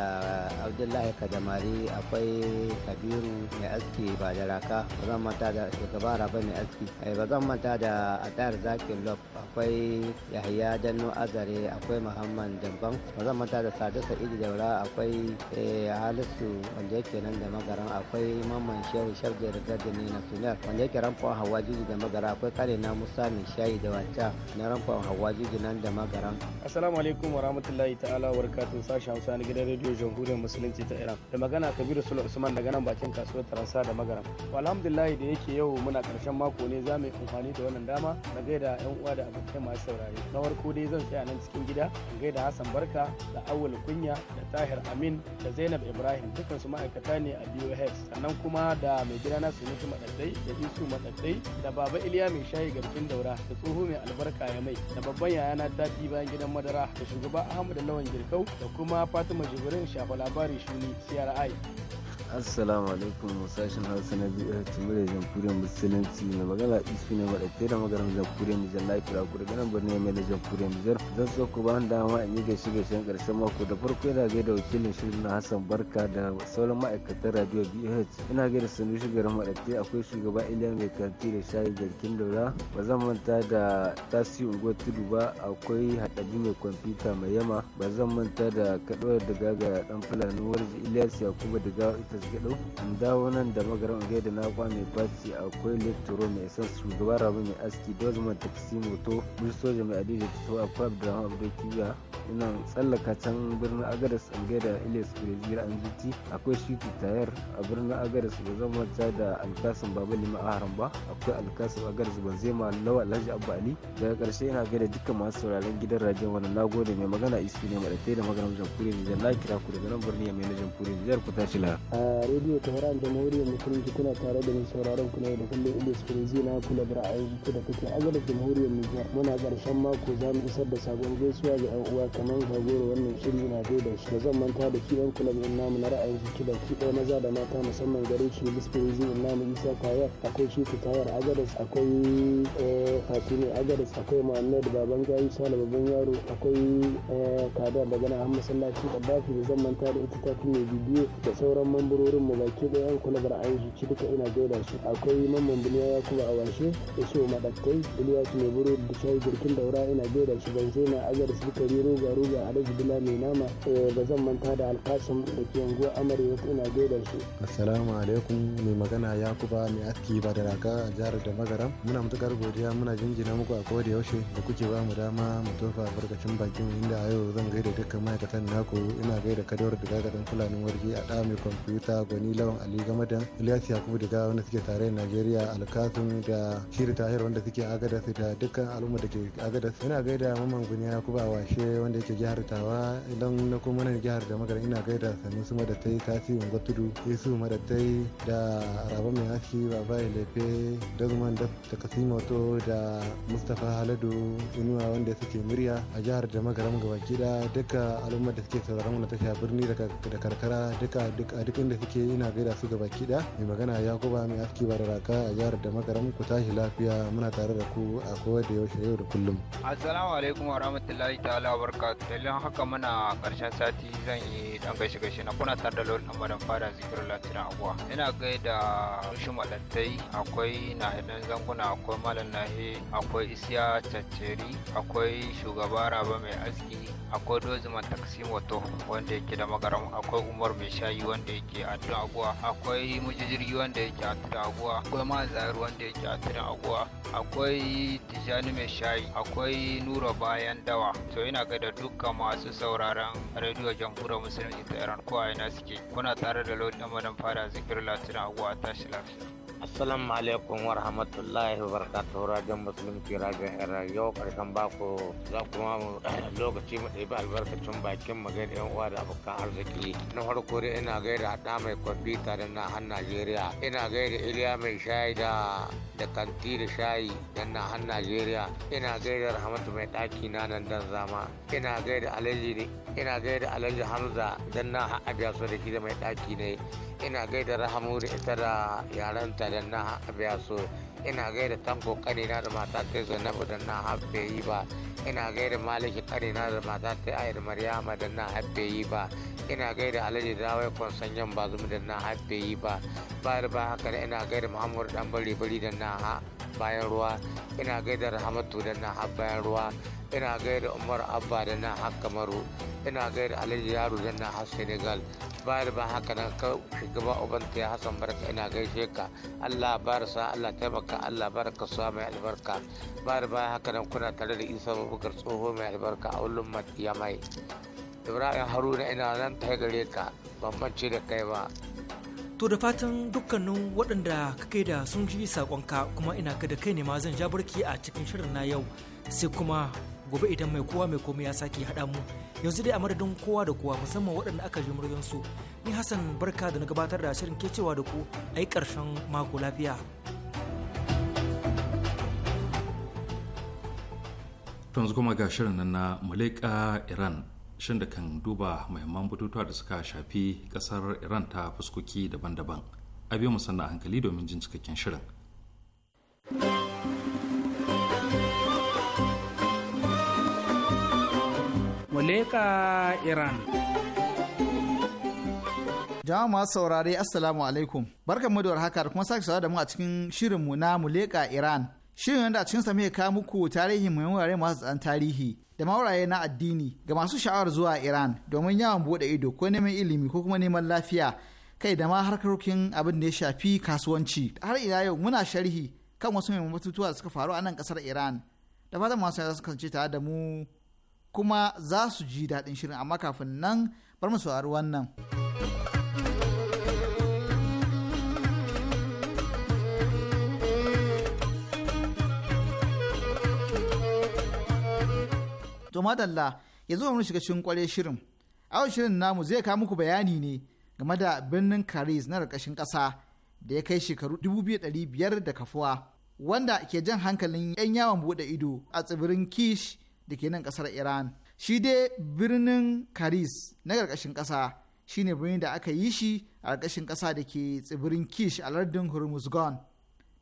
Abdullahi Kadamari akwai Kabiru mai aski ba da raka ba zan manta da shugaba rabe mai aski eh, ba zan manta da adar zakin lob akwai yahaya danno azare akwai muhammad dabban ba zan manta da sadu sa'idu daura akwai eh, halisu wanda yake nan da magaran akwai mamman shehu shabda rigar da ne na sunar wanda yake ramfon hawa jiji da magara akwai kare na musa mai shayi da wata na ramfon hawa jiji nan da magaran assalamu alaikum wa rahmatullahi ta'ala wa barakatuh sashen hausa na gidan rediyo jamhuriyar musulunci ta iran da magana kabiru sulu usman daga nan bakin kasuwar taransa da magara kenan alhamdulillah da yake yau muna karshen mako ne za mu yi amfani da wannan dama na gaida yan uwa da abokai masu saurare na farko dai zan tsaya nan cikin gida in gaida hassan barka da awul kunya da tahir amin da zainab ibrahim dukkan su ma'aikata ne a boh sannan kuma da mai gida na sunutu madaddai da isu madaddai da baba iliya mai shayi garkin daura da tsoho mai albarka ya mai da babban yayana daɗi bayan gidan madara da shugaba ahmad lawan girkau da kuma fatima jibrin shafa labari shuni cri assalamu alaikum sashen hausa na biyu a da jamhuriyar musulunci mai magana isu ne maɗaɗe da magaran jamhuriyar nijar na kira ku daga birnin mai da jamhuriyar nijar zan so ku ba dama in yi gaishe gaishen karshen mako da farko yana gaida da wakilin shirin na hassan barka da sauran ma'aikatan radio bh ina gaida sanu shugaban maɗaɗe akwai shugaba iliya mai kanti da shayi garkin daura ba zan manta da tasiri unguwar tudu ba akwai haɗabi mai kwamfuta mai yama ba zan manta da kaɗuwar daga ga ɗan fulani warji ilyas yakuba daga ita gyaɗo an dawo nan da magaran gai da na kwa mai basi akwai lecturer mai son shugaban rabu mai aski dozman taksi moto bul soja mai adida to akwai abdurrahman abdokiya ina tsallaka can birnin agadas an da ilis brezil an zuti akwai shiti tayar a birnin agadas ba zan manta da alkasin baba lima a haram ba akwai alkasin agadas ban zai ma lawa alhaji abu ali daga karshe ina gaida dukkan masu sauraron gidan radiyon wannan nagode mai magana isu ne maɗatai da maganar jamhuriyar nijar na kira ku daga nan birni mai na jamhuriyar nijar ku tashi lahar. radio rediyo ta jamhuriyar musulunci kuna tare da mai sauraron kuna da kullum ilis firizi na kula da ra'ayin ku da kake agada jamhuriyar nijar muna karshen mako za mu isar da sabon gaisuwa ga yan uwa kamar zagoro wannan shirin na da shi zan manta da yan kula da namu na ra'ayin su da ki ɗaya maza da mata musamman gare shi ilis firizi in namu isa kayar akwai shi tayar agadas akwai fatimi eh, agadas akwai muhammad baban gayi sale babban yaro akwai eh, kada daga na hammasallaci kaddafi da zan manta da ita ta mai bidiyo da sauran mamburu wurin mu baki da yan bar an zuci duka ina gaida su akwai mamman biliya ya kuma a washe da iso madakai biliya su mai buru da shayi girkin daura ina gaida su ban zai na agar su kari ruga a bila mai nama eh, ba zan manta da alkasim da ke yanguwa amarewa ina gaida su. assalamu alaikum mai magana ya mai aski ba da raka a jihar da magaram muna matukar godiya muna jinjina muku a da yaushe da kuke ba mu dama mu tofa albarkacin bakin inda a yau zan gaida dukkan ma'aikatan naku ina gaida kadawar da gagarin fulanin wargi a ɗa mai kwamfuta ta gwani lawan ali game da ya yakubu daga wanda suke tare da najeriya alkasun da shiri tahir wanda suke agadas da dukkan al'umma da ke agadas ina gaida mamman gwani yakubu a washe wanda yake jihar tawa idan na kuma nan jihar da magana ina gaida sanusi madattai tasirin gwatudu yesu madatai da raba mai haski baba lefe dazman da takasimoto da mustapha haladu inuwa wanda suke murya a jihar da magaram gabaki da duka al'umma da suke sauraron wani tasha birni da karkara duka a duk da suke ina gaida su gaba kida mai magana ya guba mai aski ba da raka a jihar da magaram ku tashi lafiya muna tare da ku a kowa da yaushe yau da kullum assalamu alaikum wa rahmatullahi ta'ala wa barakatuh dalilin haka muna karshen sati zan yi dan gaishe gaishe na kuna tare da lord amadan fada zikirar latinan abuwa ina gaida shi madattai akwai idan zanguna akwai malam nahi akwai isiya cacceri akwai shugaba raba mai aski akwai doziman taksim wato wanda yake da magaram akwai umar mai shayi wanda yake a tun aguwa akwai mujijirgi wanda yake a tun aguwa akwai mazayar wanda yake a tun aguwa akwai tijani mai shayi akwai nura bayan dawa to ina ga da dukkan masu sauraron rediyo jamhuriyar musulunci ta iran a ina suke kuna tare da lord amadan fara zikir latin aguwa tashi lafiya Assalamu alaikum wa rahmatullahi wa barakatuhu musulunci musulun kira ga yau karshen bako za kuma mu lokaci mu ɗebi albarkacin bakin mu gaida yan uwa da abokan arziki na farko dai ina gaida haɗa mai kwamfuta da na han Najeriya ina gaida Iliya mai shayi da da kanti da shayi da na han Najeriya ina gaida Rahmatu mai ɗaki na nan dan zama ina gaida Alhaji ina gaida Alhaji Hamza dan na haɗa su da da mai ɗaki ne ina gaida Rahamu da ita da ta don na biya so ina gaida tanko karina da mata ta zainabu da na habbe yi ba ina gaida maliki karina da mata ta ayar maryama da na habbe yi ba ina gaida alhaji dawai konsanyan zumi da na habbe yi ba bayar ba haka ina gaida muhammadu dan bari bari da na bayan ruwa ina gaida rahmatu da na har bayan ruwa ina gaida umar abba da na har kamaru ina gaida alhaji yaro da na har senegal bayar ba haka nan ka shugaba ubanta ya hasan barka ina gaishe ka allah barasa allah taimaka allah baraka sa mai albarka bayar ba haka nan kuna tare da isa babakar tsoho mai albarka a wulin ya mai ibrahim haruna ina nan ta gare ka ban da kai ba To da fatan dukkanin waɗanda kake da sun ji saƙonka kuma ina ka da kai ne ma zan ja barki a cikin shirin na yau sai kuma gobe idan mai kowa mai komai ya sake haɗa mu yanzu dai a madadin kowa da kowa musamman waɗanda aka ji su ni Hassan barka da na gabatar da shirin ke cewa da ku ai ƙarshen mako lafiya. Tanzu kuma ga shirin nan na Muleka Iran shin da kan duba muhimman batutuwa da suka shafi kasar iran ta fuskoki daban-daban a biyu musamman hankali domin jin cikakken shirin Muleka Iran Jama'a masu saurare Assalamu alaikum. barkan da haka da kuma sake saurare da mu a cikin shirinmu na Muleka Iran. Shirin wanda a cikin sa muke muku tarihi muhimman wurare masu tsan tarihi da mauraye na addini ga masu sha'awar zuwa Iran domin yawon bude ido ko neman ilimi ko kuma neman lafiya kai da ma harkokin abin da ya shafi kasuwanci har ila yau muna sharhi kan wasu mai batutuwa da suka faru a nan kasar Iran da fatan masu za su kasance tare da mu kuma za su ji daɗin shirin amma kafin nan bar mu saurari wannan. to ya zo mu shiga cikin kware shirin awon shirin namu zai kawo muku bayani ne game da birnin karis na ƙarƙashin ƙasa da ya kai shekaru 2500 da kafuwa wanda ke jan hankalin 'yan yawon buɗe ido a tsibirin Kish da ke nan ƙasar Iran. Shi dai birnin karis na ƙarƙashin ƙasa shine birnin da aka yi shi a ƙarƙashin ƙasa da ke tsibirin Kish a lardin Hormuzgan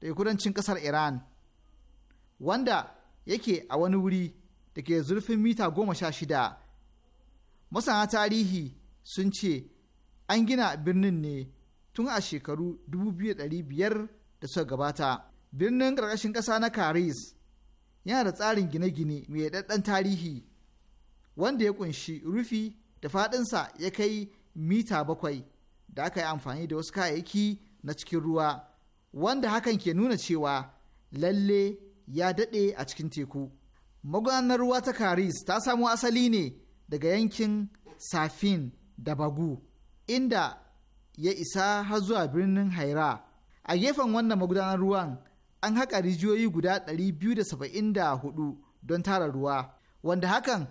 da kudancin ƙasar Iran wanda yake a wani wuri da ke zurfin mita goma sha shida. Masana tarihi sun ce an gina birnin ne tun a shekaru 2500 da suka gabata. Birnin ƙarƙashin ƙasa na Karis yana da tsarin gine-gine mai daɗaɗɗen tarihi wanda ya ƙunshi rufi da faɗinsa ya kai mita bakwai da aka yi amfani da wasu kayayyaki na cikin ruwa wanda hakan ke nuna cewa lalle ya daɗe a cikin teku. magudanar ruwa ta karis ta samo asali ne daga yankin safin da bagu inda ya isa har zuwa birnin haira a gefen wannan magudanar ruwan an haƙa rijiyoyi guda 274 don tara ruwa wanda hakan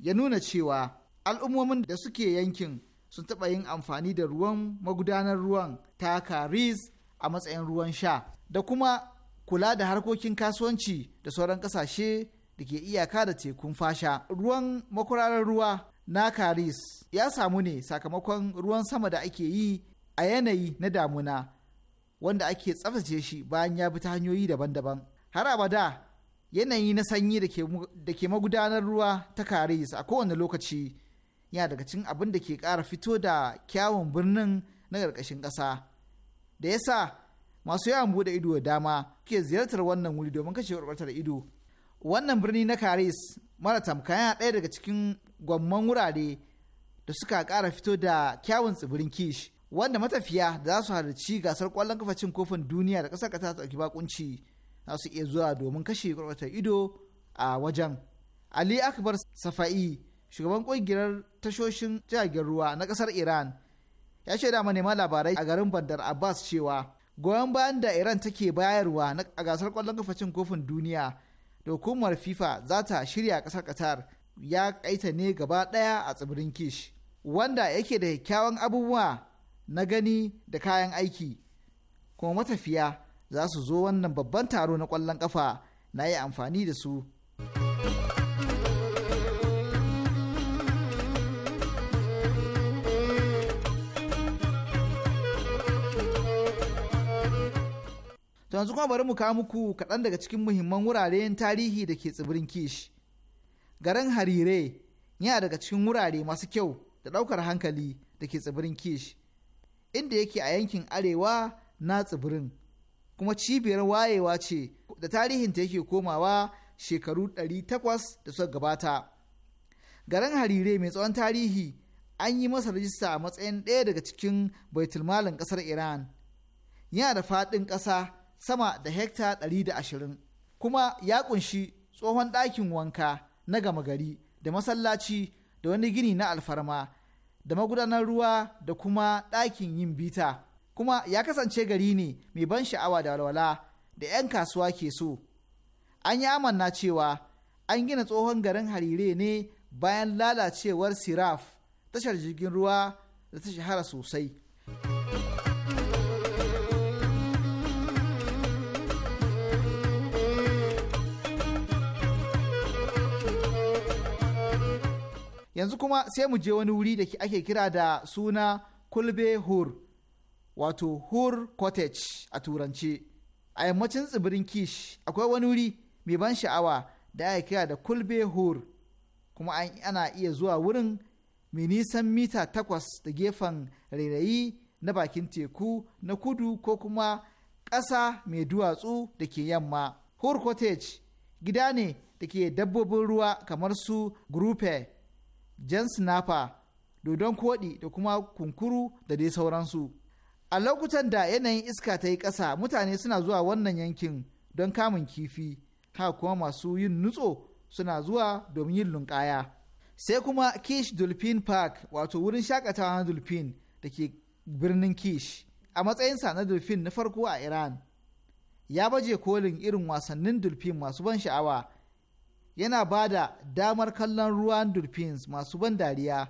ya nuna cewa al'ummomin da suke yankin sun taɓa yin amfani da ruwan magudanar ruwan ta karis a matsayin ruwan sha da kuma kula da harkokin kasuwanci da sauran ƙasashe da ke iyaka da tekun fasha ruwan makwararar ruwa na karis ya samu ne sakamakon ruwan sama da ake yi a yanayi na damuna wanda ake tsaftace shi bayan ya bi ta hanyoyi daban-daban har abada yanayi na sanyi da ke magudanar ruwa ta karis a kowane lokaci yana daga cin abin da ke ƙara fito da kyawun birnin na ƙarƙashin ƙasa da yasa masu yawon bude ido da dama ke ziyartar wannan wuri domin kashe ƙwarƙwatar ido wannan birni na karis mara tamka yana ɗaya daga cikin gwamman wurare da suka ƙara fito da kyawun tsibirin kish wanda matafiya da za su halarci gasar ƙwallon kafa cin kofin duniya da ƙasar ƙasa ta bakunci za su iya zuwa domin kashe ƙwarƙwatar ido a wajen. Ali Akbar Safa'i shugaban ƙungiyar tashoshin jiragen ruwa na ƙasar Iran ya ce shaida manema labarai a garin Bandar Abbas cewa goyon bayan da Iran take bayarwa a gasar ƙwallon kafa kofin duniya da hukumar FIFA za ta shirya ƙasar Qatar ya kaita ne gaba daya a tsibirin Kish, wanda yake da kyakkyawan abubuwa na gani da kayan aiki, kuma matafiya za su zo wannan babban taro na kwallon kafa na yi amfani da su To yanzu kuma bari mu kawo muku kaɗan daga cikin muhimman wuraren tarihi da ke tsibirin Kish. Garin Harire yana daga cikin wurare masu kyau da ɗaukar hankali da ke tsibirin Kish, inda yake a yankin arewa na tsibirin, kuma cibiyar wayewa ce da tarihinta yake komawa shekaru ɗari takwas da suka gabata. Garin Harire mai tsawon tarihi an yi masa rajista a matsayin ɗaya daga cikin baitulmalin ƙasar Iran. Yana da faɗin ƙasa sama da hekta 120 kuma ya kunshi tsohon ɗakin wanka na gama gari da masallaci da wani gini na alfarma da magudanar ruwa da kuma ɗakin yin bita kuma ya kasance gari ne mai ban sha'awa da walwala da 'yan kasuwa ke so an yi amanna cewa an gina tsohon garin harire ne bayan lalacewar siraf tashar jirgin ruwa da ta shahara sosai. yanzu kuma sai mu je wani wuri da ake kira da suna kulbe hur wato hur cottage a turance a yammacin tsibirin kish akwai wani wuri mai ban sha'awa da ake kira da kulbe hur kuma ana iya zuwa wurin mai nisan mita takwas da gefen rairayi na bakin teku na kudu ko kuma ƙasa mai duwatsu da ke yamma hur cottage gida ne da ke dabbobin ruwa kamar su grupe jan sinafa dodon koɗi da kuma kunkuru da dai sauransu a lokutan da yanayin iska ta yi ƙasa mutane suna zuwa wannan yankin don kamun kifi haka kuma masu yin nutso suna zuwa domin yin lunƙaya sai kuma kish dolphin park wato wurin shakatawa na dolphin da ke birnin kish a matsayinsa na dolphin na farko a iran ya baje kolin irin wasannin dolphin masu ban sha'awa yana ba da damar kallon ruwan dolphins masu ban dariya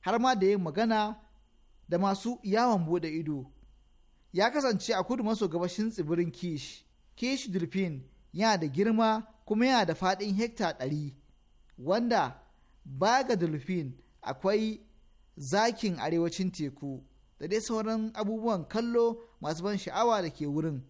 har ma da yin magana da masu yawon bude ido ya kasance a kudu maso gabashin tsibirin kish kish dolphin yana da girma kuma yana da faɗin hekta ɗari wanda baga ga dolphin akwai zakin arewacin teku da dai sauran abubuwan kallo masu ban sha'awa da ke wurin.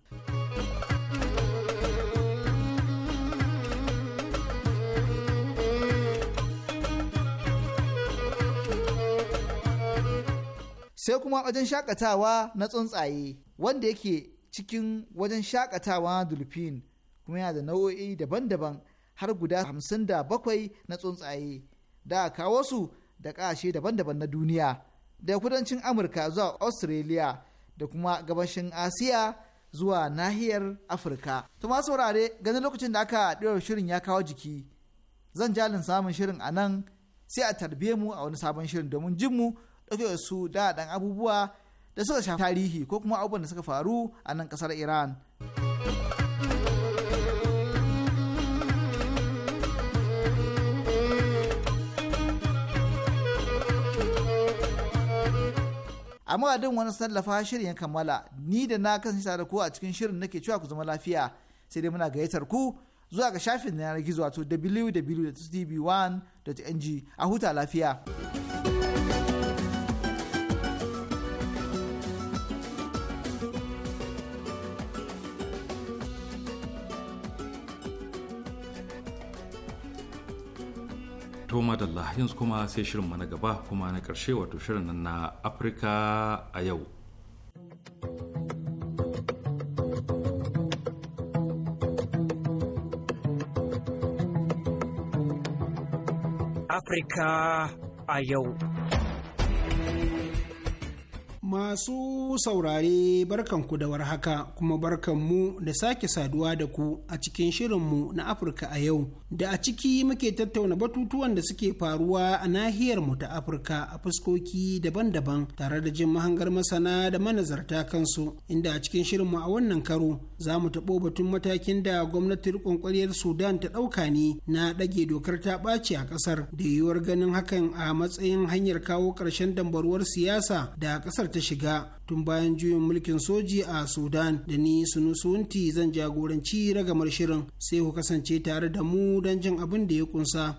sai kuma wajen shakatawa na tsuntsaye wanda yake cikin wajen shakatawa na dolphin kuma yana da nau'o'i daban-daban har guda hamsin da bakwai na tsuntsaye da kawo su da ƙashe daban-daban na duniya da kudancin amurka zuwa australia da kuma gabashin asiya zuwa nahiyar afirka to ma saurare ganin lokacin da aka ɗora shirin ya kawo jiki zan jalin samun shirin a nan sai a tarbiye mu a wani sabon shirin domin jin mu ɗauke su da ɗan abubuwa da suka shafi tarihi ko kuma abubuwan da suka faru a nan ƙasar iran a madadin wani sallafa shirin ya kammala ni da na kasance da ku a cikin shirin nake cewa ku zama lafiya sai dai muna gayyatar ku zuwa ga shafin yanar gizo wato www.tv1.ng a huta lafiya. To madalla yanzu kuma sai shirin mana gaba kuma na ƙarshe wato shirin nan na Afirka a yau. Afirka a yau. Masu saurare barkanku da haka kuma barkanmu da sake saduwa da ku a cikin shirin mu na Afirka a yau. da a ciki muke tattauna batutuwan da suke faruwa a nahiyar mu ta Afirka a fuskoki daban-daban tare da jin mahangar masana da manazarta kansu inda a cikin shirinmu a wannan karo za mu taɓo batun matakin da gwamnatin kwankwariyar Sudan ta ɗauka ne na ɗage dokar ta ɓaci a ƙasar da yiwuwar ganin hakan a matsayin hanyar kawo ƙarshen dambaruwar siyasa da ƙasar ta shiga tun bayan juyin mulkin soji a Sudan da ni Sunusunti zan jagoranci ragamar shirin sai ku kasance tare da mu dan jin abin da ya kunsa.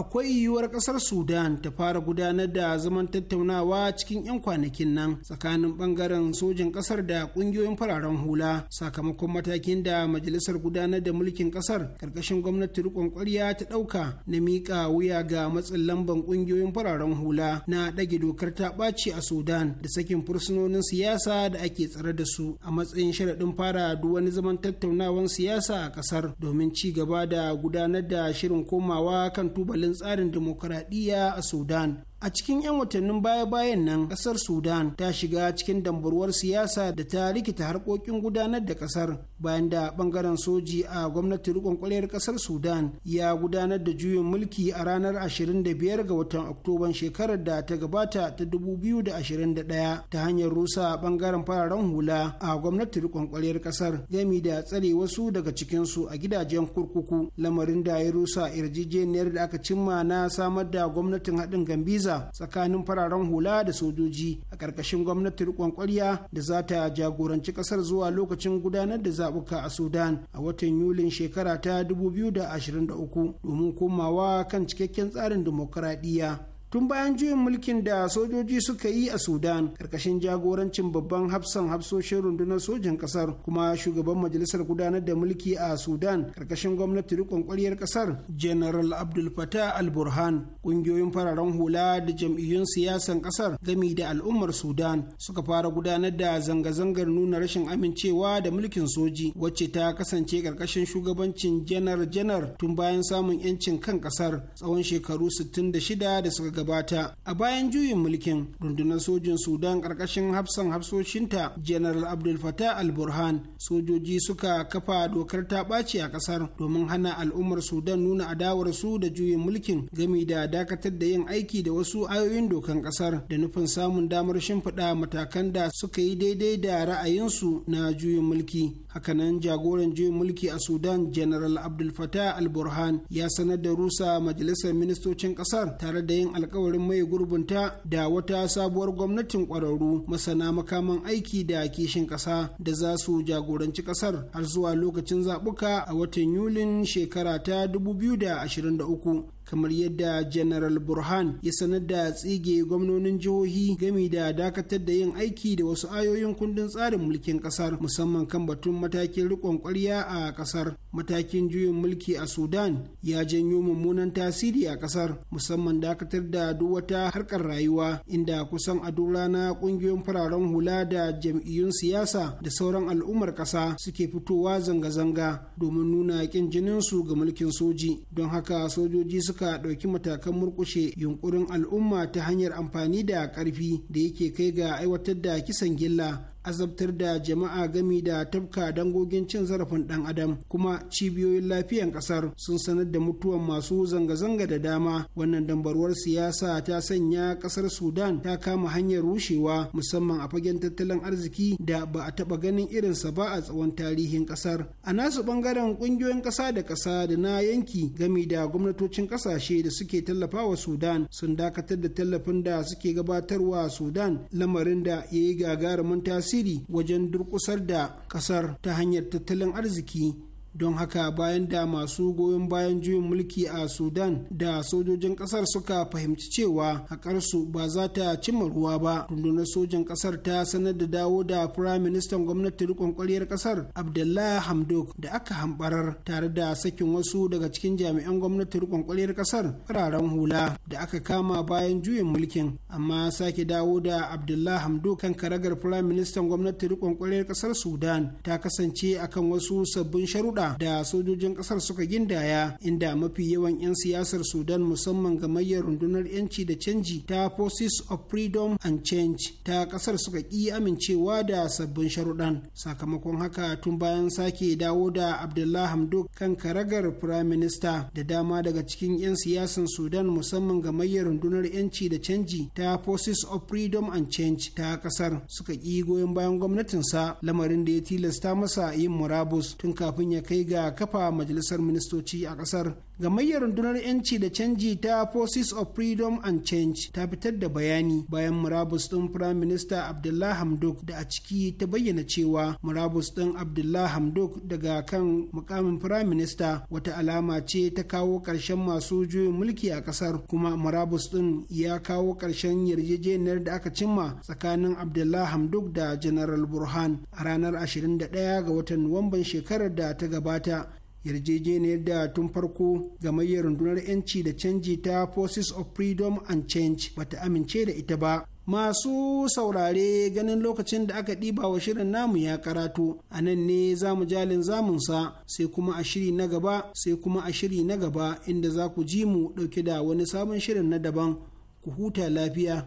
akwai yiwuwar kasar sudan ta fara gudanar da zaman tattaunawa cikin 'yan kwanakin nan tsakanin bangaren sojin kasar da kungiyoyin fararen hula sakamakon matakin da majalisar gudanar da mulkin kasar karkashin gwamnati rikon kwarya ta dauka na miƙa wuya ga matsin lamban kungiyoyin fararen hula na ɗage dokar ta ɓaci a sudan da sakin fursunonin siyasa da ake tsare da su a matsayin sharaɗin fara duk wani zaman tattaunawan siyasa a kasar domin ci gaba da gudanar da shirin komawa kan tubalin tsarin dimokuraɗiyya a sudan A cikin 'yan watannin baya-bayan nan ƙasar Sudan ta shiga cikin dambarwar siyasa da ta rikita harkokin gudanar da ƙasar bayan da ɓangaren soji a gwamnati rikon kwalayar ƙasar Sudan ya gudanar da juyin mulki a ranar 25 ga watan Oktoban shekarar da ta gabata ta 2021 ta hanyar rusa ɓangaren fararen hula a gwamnatin rikon kwalayar ƙasar gami da tsare wasu daga cikinsu a gidajen kurkuku lamarin da ya rusa yarjejeniyar da aka cimma na samar da gwamnatin haɗin Gambiza gaza tsakanin fararen hula da sojoji a ƙarƙashin gwamnati riƙon ƙwarya da za ta jagoranci ƙasar zuwa lokacin gudanar da zabuka a sudan a watan yulin shekara ta 2023 domin komawa kan cikakken tsarin dimokuraɗiyya tun bayan juyin mulkin da sojoji suka yi a sudan karkashin jagorancin babban hafsan hafsoshin rundunar sojin kasar kuma shugaban majalisar gudanar da mulki a sudan karkashin gwamnati rikon kwaryar kasar general abdul fata al burhan kungiyoyin fararen hula da jam'iyyun siyasan kasar gami da al'ummar sudan suka fara gudanar da zanga-zangar nuna rashin amincewa da mulkin soji wacce ta kasance karkashin shugabancin janar janar tun bayan samun 'yancin kan kasar tsawon shekaru 66 da suka gabata a bayan juyin mulkin rundunar sojin sudan ƙarƙashin hafsan hafsoshinta general abdul fatah al-burhan sojoji suka kafa dokar ta ɓaci a ƙasar domin hana al'ummar sudan nuna adawar su da juyin mulkin gami da dakatar da yin aiki da wasu ayoyin dokan ƙasar da nufin samun damar shimfiɗa matakan da suka yi daidai da ra'ayinsu na juyin mulki hakanan jagoran juyin mulki a sudan general abdul fatah al-burhan ya sanar da rusa majalisar ministocin ƙasar tare da yin alkawarin mai gurbinta da wata sabuwar gwamnatin kwararru masana makaman aiki da kishin kasa da za su jagoranci kasar har zuwa lokacin zabuka a watan Yulin shekara ta 2023. kamar yadda general burhan ya sanar da tsige gwamnonin jihohi gami da dakatar da yin aiki da wasu ayoyin kundin tsarin mulkin kasar musamman kan batun matakin rikon kwarya a kasar matakin juyin mulki a sudan ya janyo mummunan tasiri a kasar musamman dakatar da duk wata harkar rayuwa inda kusan a duk rana kungiyoyin fararen hula da jam'iyyun siyasa da sauran al'ummar kasa suke fitowa zanga-zanga domin nuna kin jininsu ga mulkin soji don haka sojoji suka suka ɗauki matakan murƙushe yunƙurin al'umma ta hanyar amfani da ƙarfi da yake kai ga aiwatar da kisan gilla azabtar da jama'a gami da tafka dangogin cin zarafin dan adam kuma cibiyoyin lafiyan kasar sun sanar da mutuwan masu zanga-zanga da dama wannan dambarwar siyasa ta sanya kasar sudan ta kama hanyar rushewa musamman a fagen tattalin arziki da ba a taba ganin irinsa ba a tsawon tarihin kasar a nasu bangaren kungiyoyin kasa da kasa da na yanki gami da gwamnatocin kasashe da suke tallafawa sudan sun dakatar da tallafin da suke gabatarwa sudan lamarin da ya yi gagarumin tasiri tasiri wajen durkusar da kasar ta hanyar tattalin arziki don haka bayan da masu goyon bayan juyin mulki a sudan da sojojin kasar suka fahimci cewa haƙarsu ba za ta cimma ruwa ba rundunar sojan kasar ta sanar da dawo da firayim ministan gwamnati rikon ƙwaryar kasar abdullahi hamdok da aka hambarar tare da sakin wasu daga cikin jami'an gwamnati rikon ƙwaryar kasar fararen hula da aka kama bayan juyin mulkin amma sake dawo da abdullahi hamdok kan karagar firayim ministan gwamnati rikon ƙwaryar kasar sudan ta kasance akan wasu sabbin sharuɗa sharuɗa da sojojin ƙasar suka gindaya inda mafi yawan 'yan siyasar sudan musamman ga gamayyar rundunar 'yanci da canji ta forces of freedom and change ta kasar suka ƙi amincewa da sabbin sharuɗan sakamakon haka tun bayan sake dawo da abdullah hamdok kan karagar prime minister da dama daga cikin 'yan siyasar sudan musamman ga gamayyar rundunar 'yanci da canji ta forces of freedom and change ta ƙasar suka ƙi goyon bayan gwamnatinsa lamarin da ya tilasta masa yin murabus tun kafin ya kai ga kafa majalisar ministoci a ƙasar gamayyar rundunar yanci da canji ta forces of freedom and change ta fitar da bayani bayan murabus ɗin prime minister abdullah hamdok da a ciki ta bayyana cewa murabus ɗin abdullah hamdok daga kan mukamin prime minister wata alama ce ta kawo karshen masu juyin mulki a ƙasar kuma murabus ɗin ya kawo ƙarshen yarjejeniyar da aka cimma tsakanin abdullah hamdok da general burhan a ranar 21 ga watan nuwamban shekarar da ta gabata yarjejeniyar da tun farko gamayyar rundunar 'yanci da canji ta forces of freedom and change bata amince da ita ba masu saurare ganin lokacin da aka ɗiba wa shirin namu ya karatu a nan ne za mu jalin zamunsa sai kuma a shiri na gaba sai kuma a shiri na gaba inda za ku ji mu ɗauke da wani sabon shirin na daban ku huta lafiya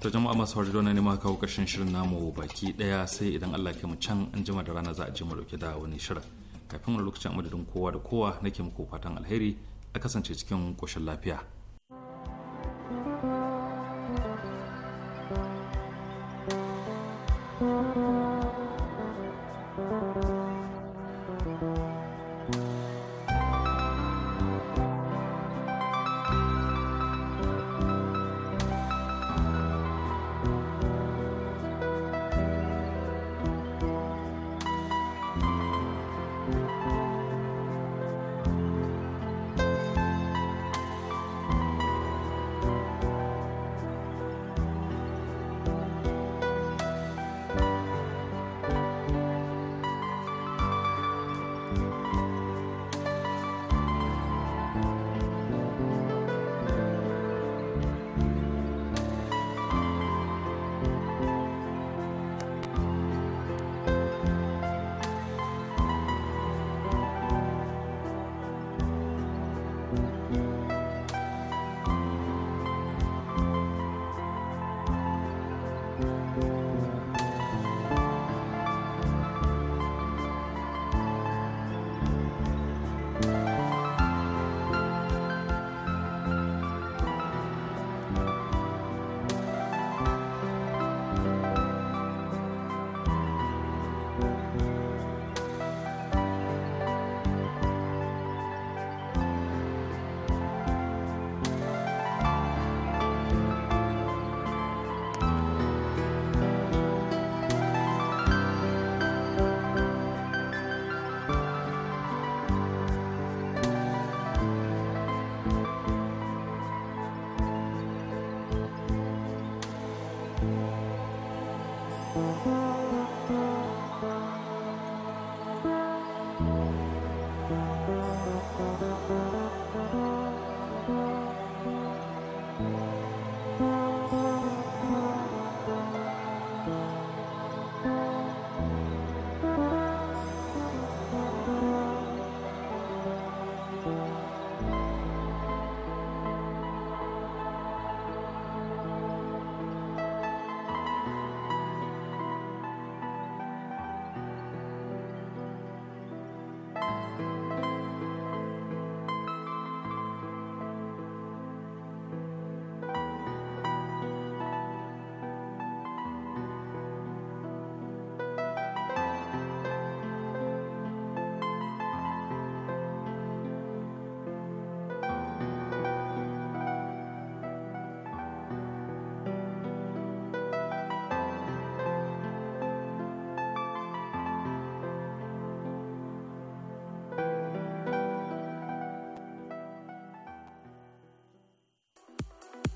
ta jama'a masu sauraro na nema kawo karshen shirin namu baki daya sai idan Allah ke mu can an jima da rana za a je mu dauke da wani shirin kafin wani lokacin amadadin kowa da kowa nake muku fatan alheri a kasance cikin koshin lafiya